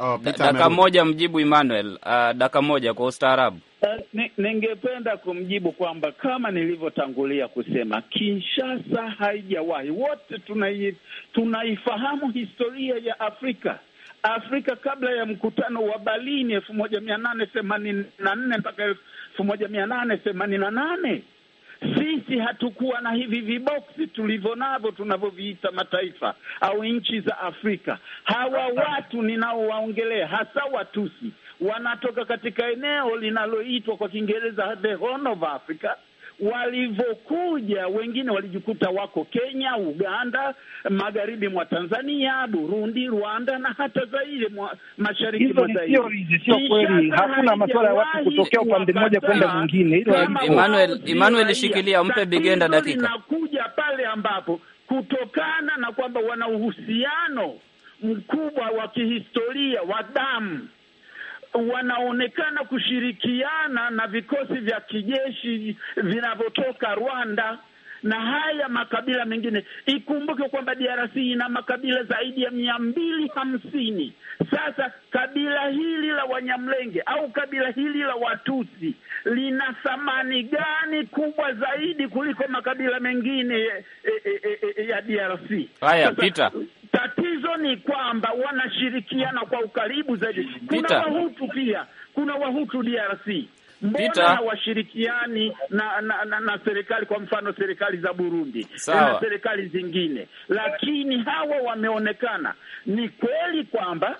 Oh, daka moja mjibu Emmanuel. Uh, daka moja kwa ustaarabu. Uh, ningependa kumjibu kwamba kama nilivyotangulia kusema Kinshasa haijawahi, wote tunai, tunaifahamu historia ya Afrika. Afrika kabla ya mkutano wa Berlin elfu moja mia nane themanini na nne mpaka elfu moja mia nane themanini na nane sisi hatukuwa na hivi viboksi tulivyo navyo tunavyoviita mataifa au nchi za Afrika. Hawa watu ninaowaongelea, hasa Watusi, wanatoka katika eneo linaloitwa kwa Kiingereza the Horn of Africa walivyokuja wengine walijikuta wako Kenya, Uganda, magharibi mwa Tanzania, Burundi, Rwanda na hata zaidi mwa mashariki mwa Zaire. Sio kweli, hakuna masuala ya watu kutokea upande mmoja kwenda mwingine. Emmanuel, Emmanuel shikilia, mpe Bigenda dakika. Inakuja pale ambapo kutokana na kwamba wana uhusiano mkubwa wa kihistoria wa damu wanaonekana kushirikiana na vikosi vya kijeshi vinavyotoka Rwanda na haya makabila mengine. Ikumbuke kwamba DRC ina makabila zaidi ya mia mbili hamsini. Sasa kabila hili la Wanyamlenge au kabila hili la Watusi lina thamani gani kubwa zaidi kuliko makabila mengine eh, eh, eh, ya, ya DRC? Haya, Pita, tatizo ni kwamba wanashirikiana kwa ukaribu zaidi. Kuna Wahutu pia, kuna Wahutu DRC mbona washirikiani na na, na na serikali, kwa mfano serikali za Burundi Sawa. na serikali zingine, lakini hawa wameonekana ni kweli kwamba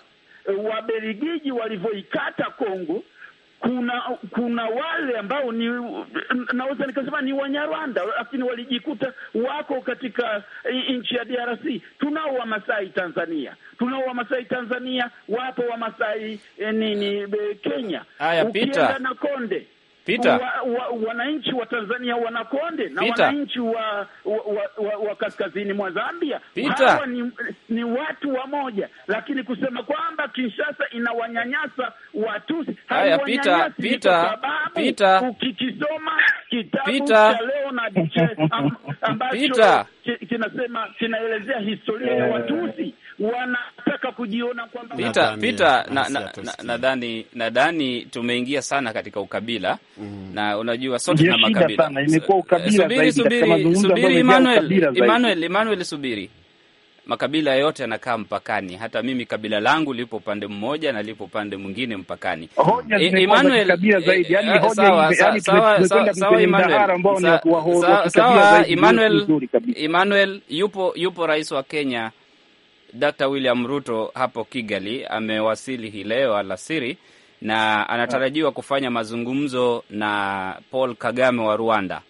eh, Wabelgiji walivyoikata Kongo kuna kuna wale ambao ni naweza nikasema ni Wanyarwanda, lakini walijikuta wako katika nchi ya DRC. Tunao Wamasai Tanzania, tunao Wamasai Tanzania, wapo Wamasai eh, nini eh, Kenya, ukienda na Konde Peter, Wa, wa, wananchi wa Tanzania wanakonde na wananchi wa, wa, wa, wa, kaskazini mwa Zambia hawa ni, ni watu wa moja, lakini kusema kwamba Kinshasa inawanyanyasa Watusi haiwanyanyasi kwa sababu ukikisoma kitabu cha Leonard am, ambacho kinasema kinaelezea historia ya Watusi wanataka kujiona kwamba Peter, Peter, nadhani nadhani tumeingia sana katika ukabila. Mm. na unajua sote tuna makabila. Subiri, subiri, subiri Emmanuel, Emmanuel, Emmanuel, subiri makabila yote yanakaa mpakani. Hata mimi kabila langu lipo upande mmoja na lipo upande mwingine mpakani. E, Emmanuel, yupo yupo rais wa Kenya Dr. William Ruto hapo Kigali, amewasili hii leo alasiri na anatarajiwa kufanya mazungumzo na Paul Kagame wa Rwanda.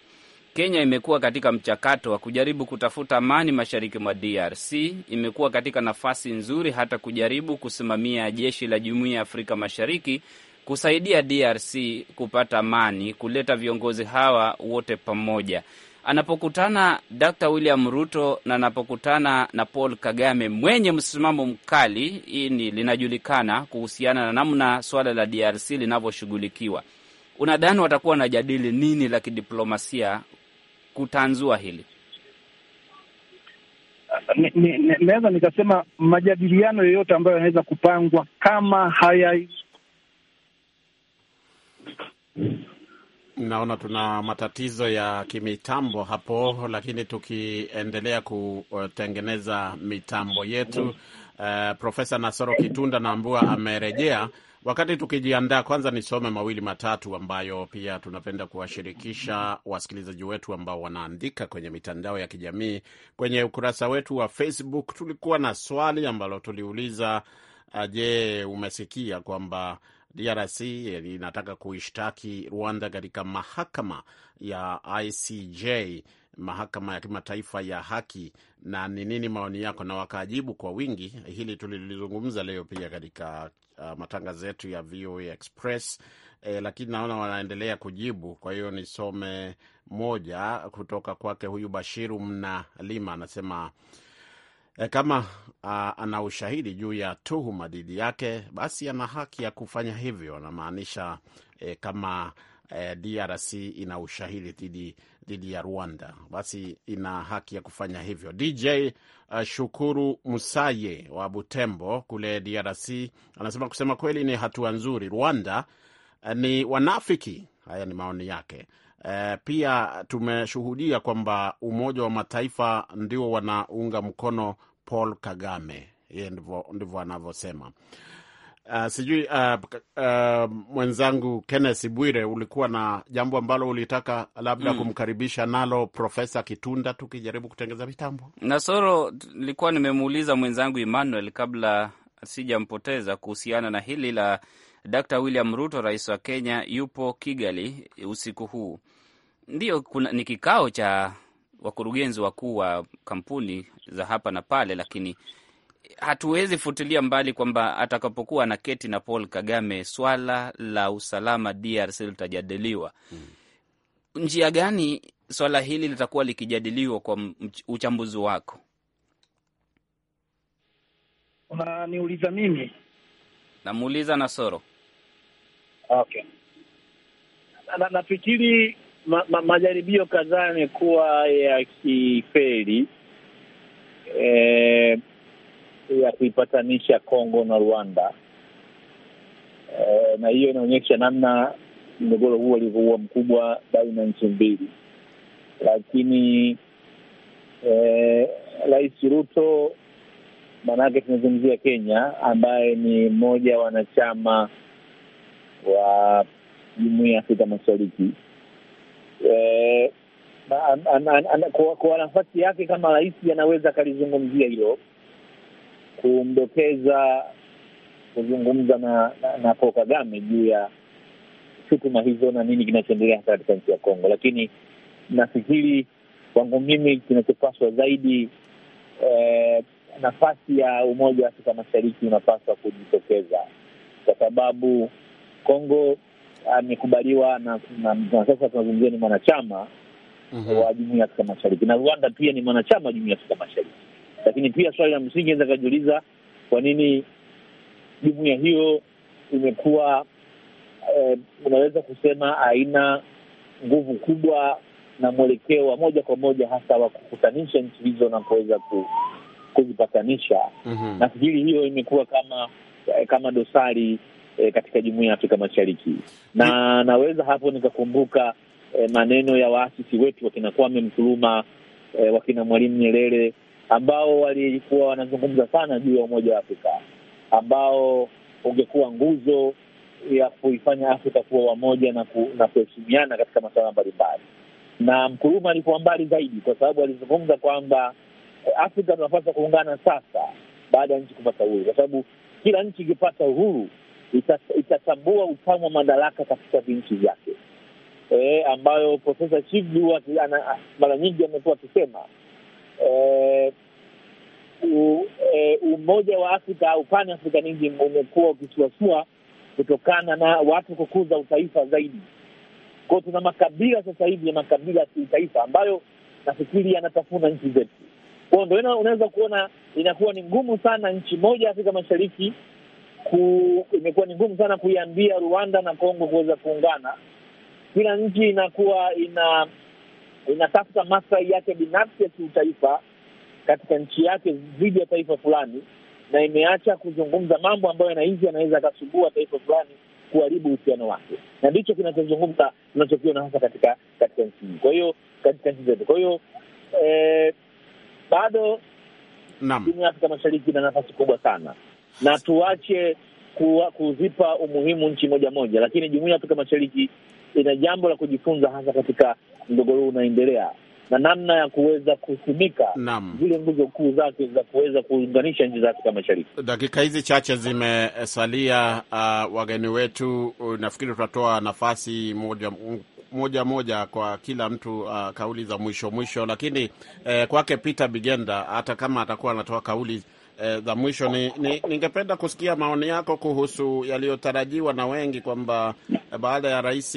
Kenya imekuwa katika mchakato wa kujaribu kutafuta amani mashariki mwa DRC. Imekuwa katika nafasi nzuri hata kujaribu kusimamia jeshi la Jumuiya ya Afrika Mashariki kusaidia DRC kupata amani, kuleta viongozi hawa wote pamoja anapokutana Dr. William Ruto na anapokutana na Paul Kagame mwenye msimamo mkali, hii ni linajulikana kuhusiana na namna suala la DRC linavyoshughulikiwa. Unadhani watakuwa wanajadili nini la kidiplomasia kutanzua hili? Uh, naweza nikasema majadiliano yoyote ambayo yanaweza kupangwa kama haya Naona tuna matatizo ya kimitambo hapo, lakini tukiendelea kutengeneza mitambo yetu uh, Profesa Nasoro Kitunda naambua amerejea. Wakati tukijiandaa, kwanza nisome mawili matatu ambayo pia tunapenda kuwashirikisha wasikilizaji wetu ambao wanaandika kwenye mitandao ya kijamii. Kwenye ukurasa wetu wa Facebook tulikuwa na swali ambalo tuliuliza, ah, je, umesikia kwamba DRC linataka kuishtaki Rwanda katika mahakama ya ICJ, mahakama ya kimataifa ya haki. Na ni nini maoni yako? Na wakaajibu kwa wingi. Hili tulilizungumza leo pia katika uh, matangazo yetu ya VOA Express e, lakini naona wanaendelea kujibu. Kwa hiyo nisome moja kutoka kwake huyu Bashiru Mnalima, anasema E, kama a, ana ushahidi juu ya tuhuma dhidi yake, basi ana haki ya kufanya hivyo. Anamaanisha e, kama e, DRC ina ushahidi dhidi dhidi ya Rwanda, basi ina haki ya kufanya hivyo. DJ uh, e, Shukuru Musaye wa Butembo kule DRC anasema kusema kweli, ni hatua nzuri. Rwanda uh, ni wanafiki. Haya ni maoni yake. E, pia tumeshuhudia kwamba Umoja wa Mataifa ndio wanaunga mkono Paul Kagame, yeye ndivyo anavyosema. Uh, sijui uh, uh, mwenzangu Kenneth Bwire ulikuwa na jambo ambalo ulitaka labda mm, kumkaribisha nalo Profesa Kitunda tukijaribu kutengeza mitambo Nasoro. Nilikuwa nimemuuliza mwenzangu Emmanuel kabla sijampoteza kuhusiana na hili la Dr. William Ruto, rais wa Kenya, yupo Kigali usiku huu Ndiyo, kuna ni kikao cha wakurugenzi wakuu wa kampuni za hapa na pale, lakini hatuwezi futilia mbali kwamba atakapokuwa na keti na Paul Kagame swala la usalama DRC litajadiliwa. Hmm, njia gani swala hili litakuwa likijadiliwa kwa uchambuzi wako? Unaniuliza mimi? Namuuliza Nasoro. Okay, nafikiri ma, ma, majaribio kadhaa yamekuwa yakifeli e, ya kuipatanisha Kongo na Rwanda e, na hiyo inaonyesha namna mgogoro huo alivyoua mkubwa baina ya nchi mbili, lakini e, Rais Ruto maanake tunazungumzia Kenya ambaye ni mmoja wa wanachama wa Jumuiya ya Afrika Mashariki Eh, kwa, kwa nafasi yake kama rais anaweza akalizungumzia hilo, kumdokeza kuzungumza na, na, na Paul Kagame juu ya shutuma hizo na nini kinachoendelea hasa katika nchi ya Kongo, lakini nafikiri kwangu mimi kinachopaswa zaidi eh, nafasi ya Umoja wa Afrika Mashariki unapaswa kujitokeza kwa sababu Kongo amekubaliwa na, na, na sasa tunazungumzia ni mwanachama mm-hmm. wa jumuia ya Afrika Mashariki, na Rwanda pia ni mwanachama wa jumuia ya Afrika Mashariki. Lakini pia swali la msingi naweza kajiuliza, kwa nini jumuia hiyo imekuwa eh, unaweza kusema haina nguvu kubwa na mwelekeo wa moja kwa moja hasa wa kukutanisha nchi hizo na kuweza kuzipatanisha. mm -hmm. Nafikiri hiyo imekuwa kama eh, kama dosari e, katika jumuia ya Afrika Mashariki na naweza hapo nikakumbuka e, maneno ya waasisi wetu wakina Kwame Nkrumah e, wakina Mwalimu Nyerere ambao walikuwa wanazungumza sana juu ya umoja wa Afrika ambao ungekuwa nguzo ya kuifanya Afrika kuwa wamoja na, ku, na kuheshimiana katika masuala mbalimbali. Na Mkuruma alikuwa mbali zaidi, kwa sababu alizungumza kwamba e, Afrika tunapaswa kuungana sasa baada ya nchi kupata uhuru, kwa sababu kila nchi ikipata uhuru itatambua utamu wa madaraka katika vinchi vyake, e, ambayo Profesa Chiglu mara nyingi amekuwa akisema e, e, umoja wa Afrika au afrika nyingi umekuwa ukisuasua kutokana na watu kukuza utaifa zaidi. Kwao tuna makabila sasa hivi ya makabila ya kitaifa ambayo nafikiri yanatafuna nchi zetu. Kwao ndo unaweza kuona inakuwa ni ngumu sana nchi moja Afrika Mashariki ku, imekuwa ni ngumu sana kuiambia Rwanda na Kongo kuweza kuungana. Kila nchi inakuwa ina inatafuta maslahi yake binafsi ya kiutaifa katika nchi yake dhidi ya taifa fulani, na imeacha kuzungumza mambo ambayo yanaizi anaweza akasugua taifa fulani kuharibu uhusiano wake, na ndicho kinachozungumza tunachokiona hasa katika katika nchi hii. Kwa hiyo katika nchi zetu, kwa hiyo eh, bado timu ya Afrika Mashariki ina nafasi kubwa sana na tuache kuzipa umuhimu nchi moja moja, lakini jumuia ya Afrika Mashariki ina jambo la kujifunza hasa katika mgogoro huu unaendelea na namna ya kuweza kusimika zile nguzo kuu zake za kuweza kuunganisha nchi za Afrika Mashariki. Dakika hizi chache zimesalia, uh, wageni wetu, uh, nafikiri tutatoa nafasi moja moja moja kwa kila mtu uh, kauli za mwisho mwisho, lakini eh, kwake Peter Bigenda, hata kama atakuwa anatoa kauli e, za mwisho ni, ni, ningependa kusikia maoni yako kuhusu yaliyotarajiwa na wengi kwamba eh, baada ya Rais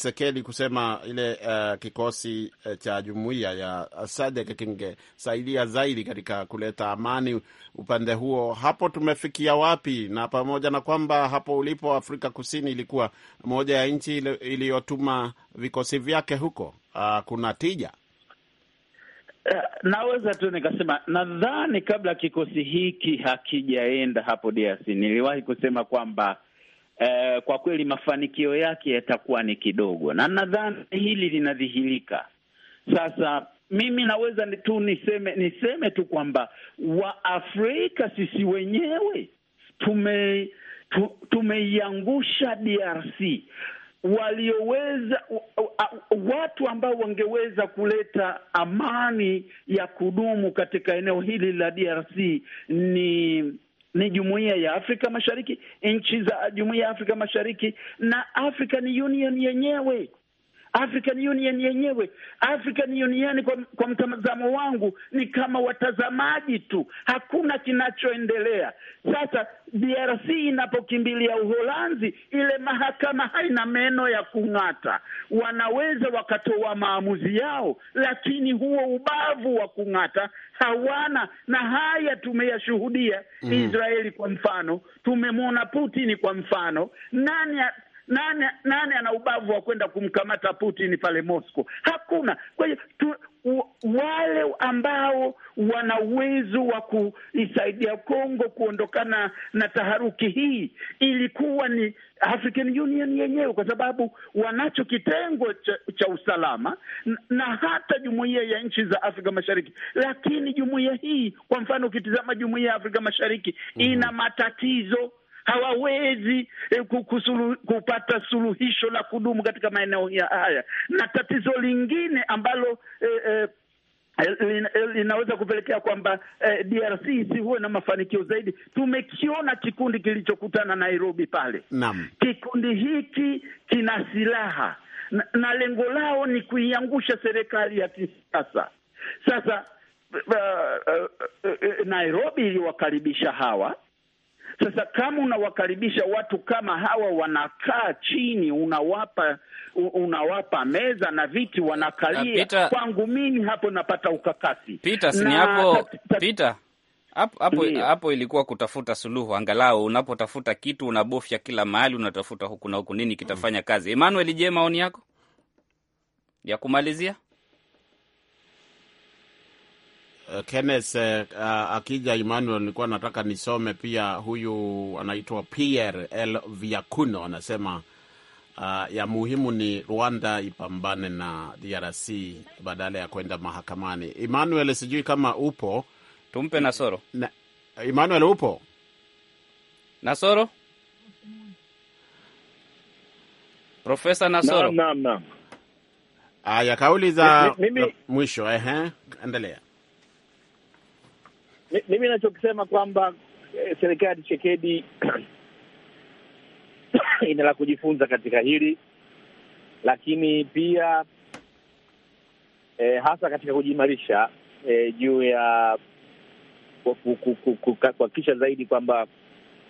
uh, kusema ile uh, kikosi uh, cha jumuiya ya SADC kingesaidia zaidi katika kuleta amani upande huo, hapo tumefikia wapi? Na pamoja na kwamba hapo ulipo Afrika Kusini ilikuwa moja ya nchi iliyotuma vikosi vyake huko, uh, kuna tija Eh, naweza tu nikasema nadhani kabla kikosi hiki hakijaenda hapo DRC, niliwahi kusema kwamba eh, kwa kweli mafanikio yake yatakuwa ni kidogo, na nadhani hili linadhihirika sasa. Mimi naweza tu niseme niseme tu kwamba Waafrika sisi wenyewe tume tu, tumeiangusha DRC walioweza watu ambao wangeweza kuleta amani ya kudumu katika eneo hili la DRC ni ni jumuiya ya Afrika Mashariki, nchi za jumuiya ya Afrika Mashariki na African Union yenyewe. African Union yenyewe. African Union kwa, kwa mtazamo wangu ni kama watazamaji tu, hakuna kinachoendelea. Sasa DRC inapokimbilia Uholanzi, ile mahakama haina meno ya kung'ata. Wanaweza wakatoa maamuzi yao, lakini huo ubavu wa kung'ata hawana, na haya tumeyashuhudia. mm Israeli kwa mfano, tumemwona Putin kwa mfano, nani nani nani ana ubavu wa kwenda kumkamata Putin pale Moscow? Hakuna. Kwa hiyo wale ambao wana uwezo wa kuisaidia Kongo kuondokana na taharuki hii ilikuwa ni African Union yenyewe, kwa sababu wanacho kitengo cha, cha usalama na hata jumuiya ya nchi za Afrika Mashariki. Lakini jumuiya hii, kwa mfano, ukitizama jumuiya ya Afrika Mashariki mhm. ina matatizo hawawezi eh, kusulu, kupata suluhisho la kudumu katika maeneo haya, na tatizo lingine ambalo eh, eh, eh, eh linaweza kupelekea kwamba eh, DRC isiwe na mafanikio zaidi. Tumekiona kikundi kilichokutana Nairobi pale. Naam. Kikundi hiki kina silaha na, na lengo lao ni kuiangusha serikali ya kisasa. Sasa uh, uh, uh, Nairobi iliwakaribisha hawa sasa kama unawakaribisha watu kama hawa, wanakaa chini, unawapa unawapa meza na viti wanakalia, ah, kwangu mimi hapo napata ukakasi. Peter, sini hapo Peter hapo hapo hapo ilikuwa kutafuta suluhu, angalau unapotafuta kitu unabofya kila mahali, unatafuta huku na huku, nini kitafanya kazi? Emmanuel, je, maoni yako ya kumalizia? Uh, Kenneth uh, akija Emmanuel, nilikuwa nataka nisome pia, huyu anaitwa Pierre L Viakuno anasema uh, ya muhimu ni Rwanda ipambane na DRC badala ya kwenda mahakamani. Emmanuel, sijui kama upo, tumpe Nasoro na, Emmanuel upo Nasoro, Profesa Nasoro. naam, naam. Aya, kauli za mwisho, ehe, endelea mimi nachokisema kwamba eh, serikali ya Tshisekedi [COUGHS] ina la kujifunza katika hili, lakini pia eh, hasa katika kujiimarisha eh, juu ya kuhakikisha zaidi kwamba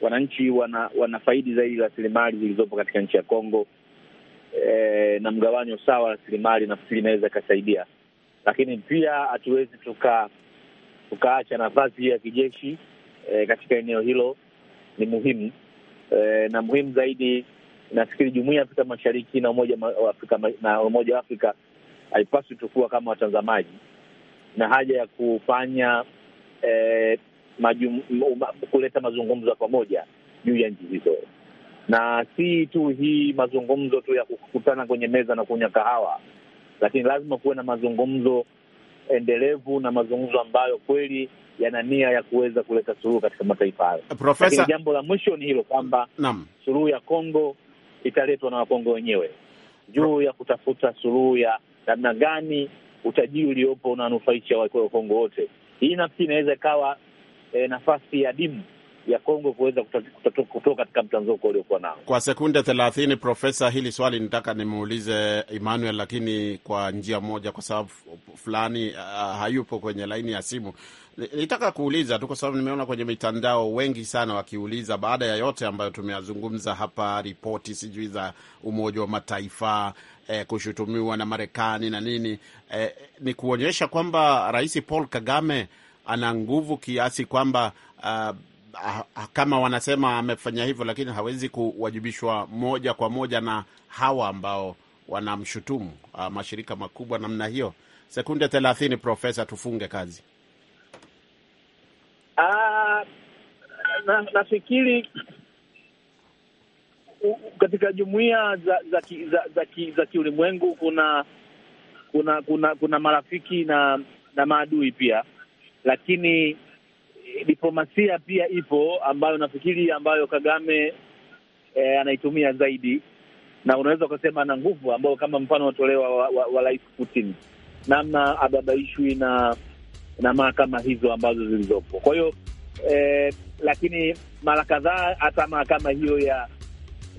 wananchi wana wanafaidi zaidi rasilimali zilizopo katika nchi ya Kongo eh, na mgawanyo sawa rasilimali, nafikiri inaweza ikasaidia, lakini pia hatuwezi tuka tukaacha nafasi ya kijeshi e, katika eneo hilo ni muhimu e, na muhimu zaidi nafikiri jumuia ya Afrika Mashariki na Umoja wa Afrika, na Umoja wa Afrika haipaswi tukua kama watazamaji na haja ya kufanya e, majum, kuleta mazungumzo ya pamoja juu ya nchi hizo, na si tu hii mazungumzo tu ya kukutana kwenye meza na kunywa kahawa, lakini lazima kuwe na mazungumzo endelevu na mazungumzo ambayo kweli yana nia ya kuweza kuleta suluhu katika mataifa hayo. Profesa... jambo la mwisho ni hilo kwamba suluhu ya Kongo italetwa na Wakongo wenyewe juu ya kutafuta suluhu ya namna gani utajiri uliopo unanufaisha Wakongo wote. Hii nafikiri inaweza ikawa e, nafasi dimu ya Kongo kuweza kutoka katika mtanzuko uliokuwa nao. Kwa sekunde thelathini, Profesa, hili swali nitaka nimuulize Emmanuel, lakini kwa njia moja, kwa sababu fulani uh, hayupo kwenye laini ya simu. nitaka kuuliza tu kwa sababu nimeona kwenye mitandao wengi sana wakiuliza, baada ya yote ambayo tumeyazungumza hapa, ripoti sijui za Umoja wa Mataifa eh, kushutumiwa na Marekani na nini eh, ni kuonyesha kwamba Rais Paul Kagame ana nguvu kiasi kwamba uh, Ah, ah, kama wanasema amefanya hivyo, lakini hawezi kuwajibishwa moja kwa moja na hawa ambao wanamshutumu ah, mashirika makubwa namna hiyo. Sekunde thelathini, Profesa, tufunge kazi. nafikiri na, katika jumuiya za za, za, za, za kiulimwengu kuna kuna kuna kuna marafiki na na maadui pia, lakini Eh, diplomasia pia ipo ambayo nafikiri ambayo Kagame e, anaitumia zaidi, na unaweza ukasema ana nguvu ambayo kama mfano watolewa wa, wa, wa Rais Putin, namna ababaishwi na na mahakama hizo ambazo zilizopo. Kwa hiyo e, lakini mara kadhaa hata mahakama hiyo ya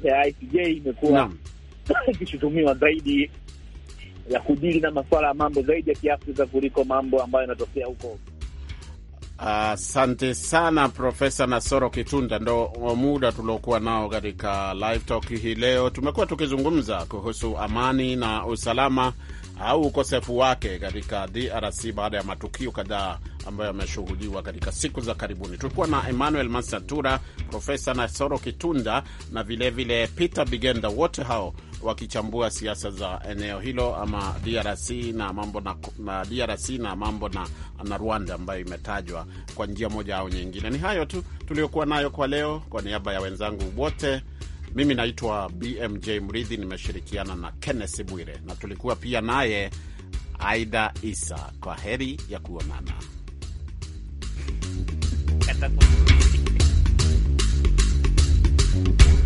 ya ICJ imekuwa [COUGHS] ikishutumiwa zaidi ya kudili na masuala ya mambo zaidi ya Kiafrika kuliko mambo ambayo yanatokea huko Asante uh, sana Profesa Nasoro Kitunda. Ndo muda tuliokuwa nao katika live talk hii leo. Tumekuwa tukizungumza kuhusu amani na usalama au ukosefu wake katika DRC baada ya matukio kadhaa ambayo yameshuhudiwa katika siku za karibuni. Tulikuwa na Emmanuel Masatura, Profesa Nasoro Kitunda na vilevile vile Peter Bigenda, wote hao wakichambua siasa za eneo hilo ama DRC na mambo na, na DRC na mambo na, na Rwanda ambayo imetajwa kwa njia moja au nyingine. Ni hayo tu tuliyokuwa nayo kwa leo. Kwa niaba ya wenzangu wote, mimi naitwa BMJ Mridhi, nimeshirikiana na Kenneth Bwire na tulikuwa pia naye Aida Isa. Kwa heri ya kuonana.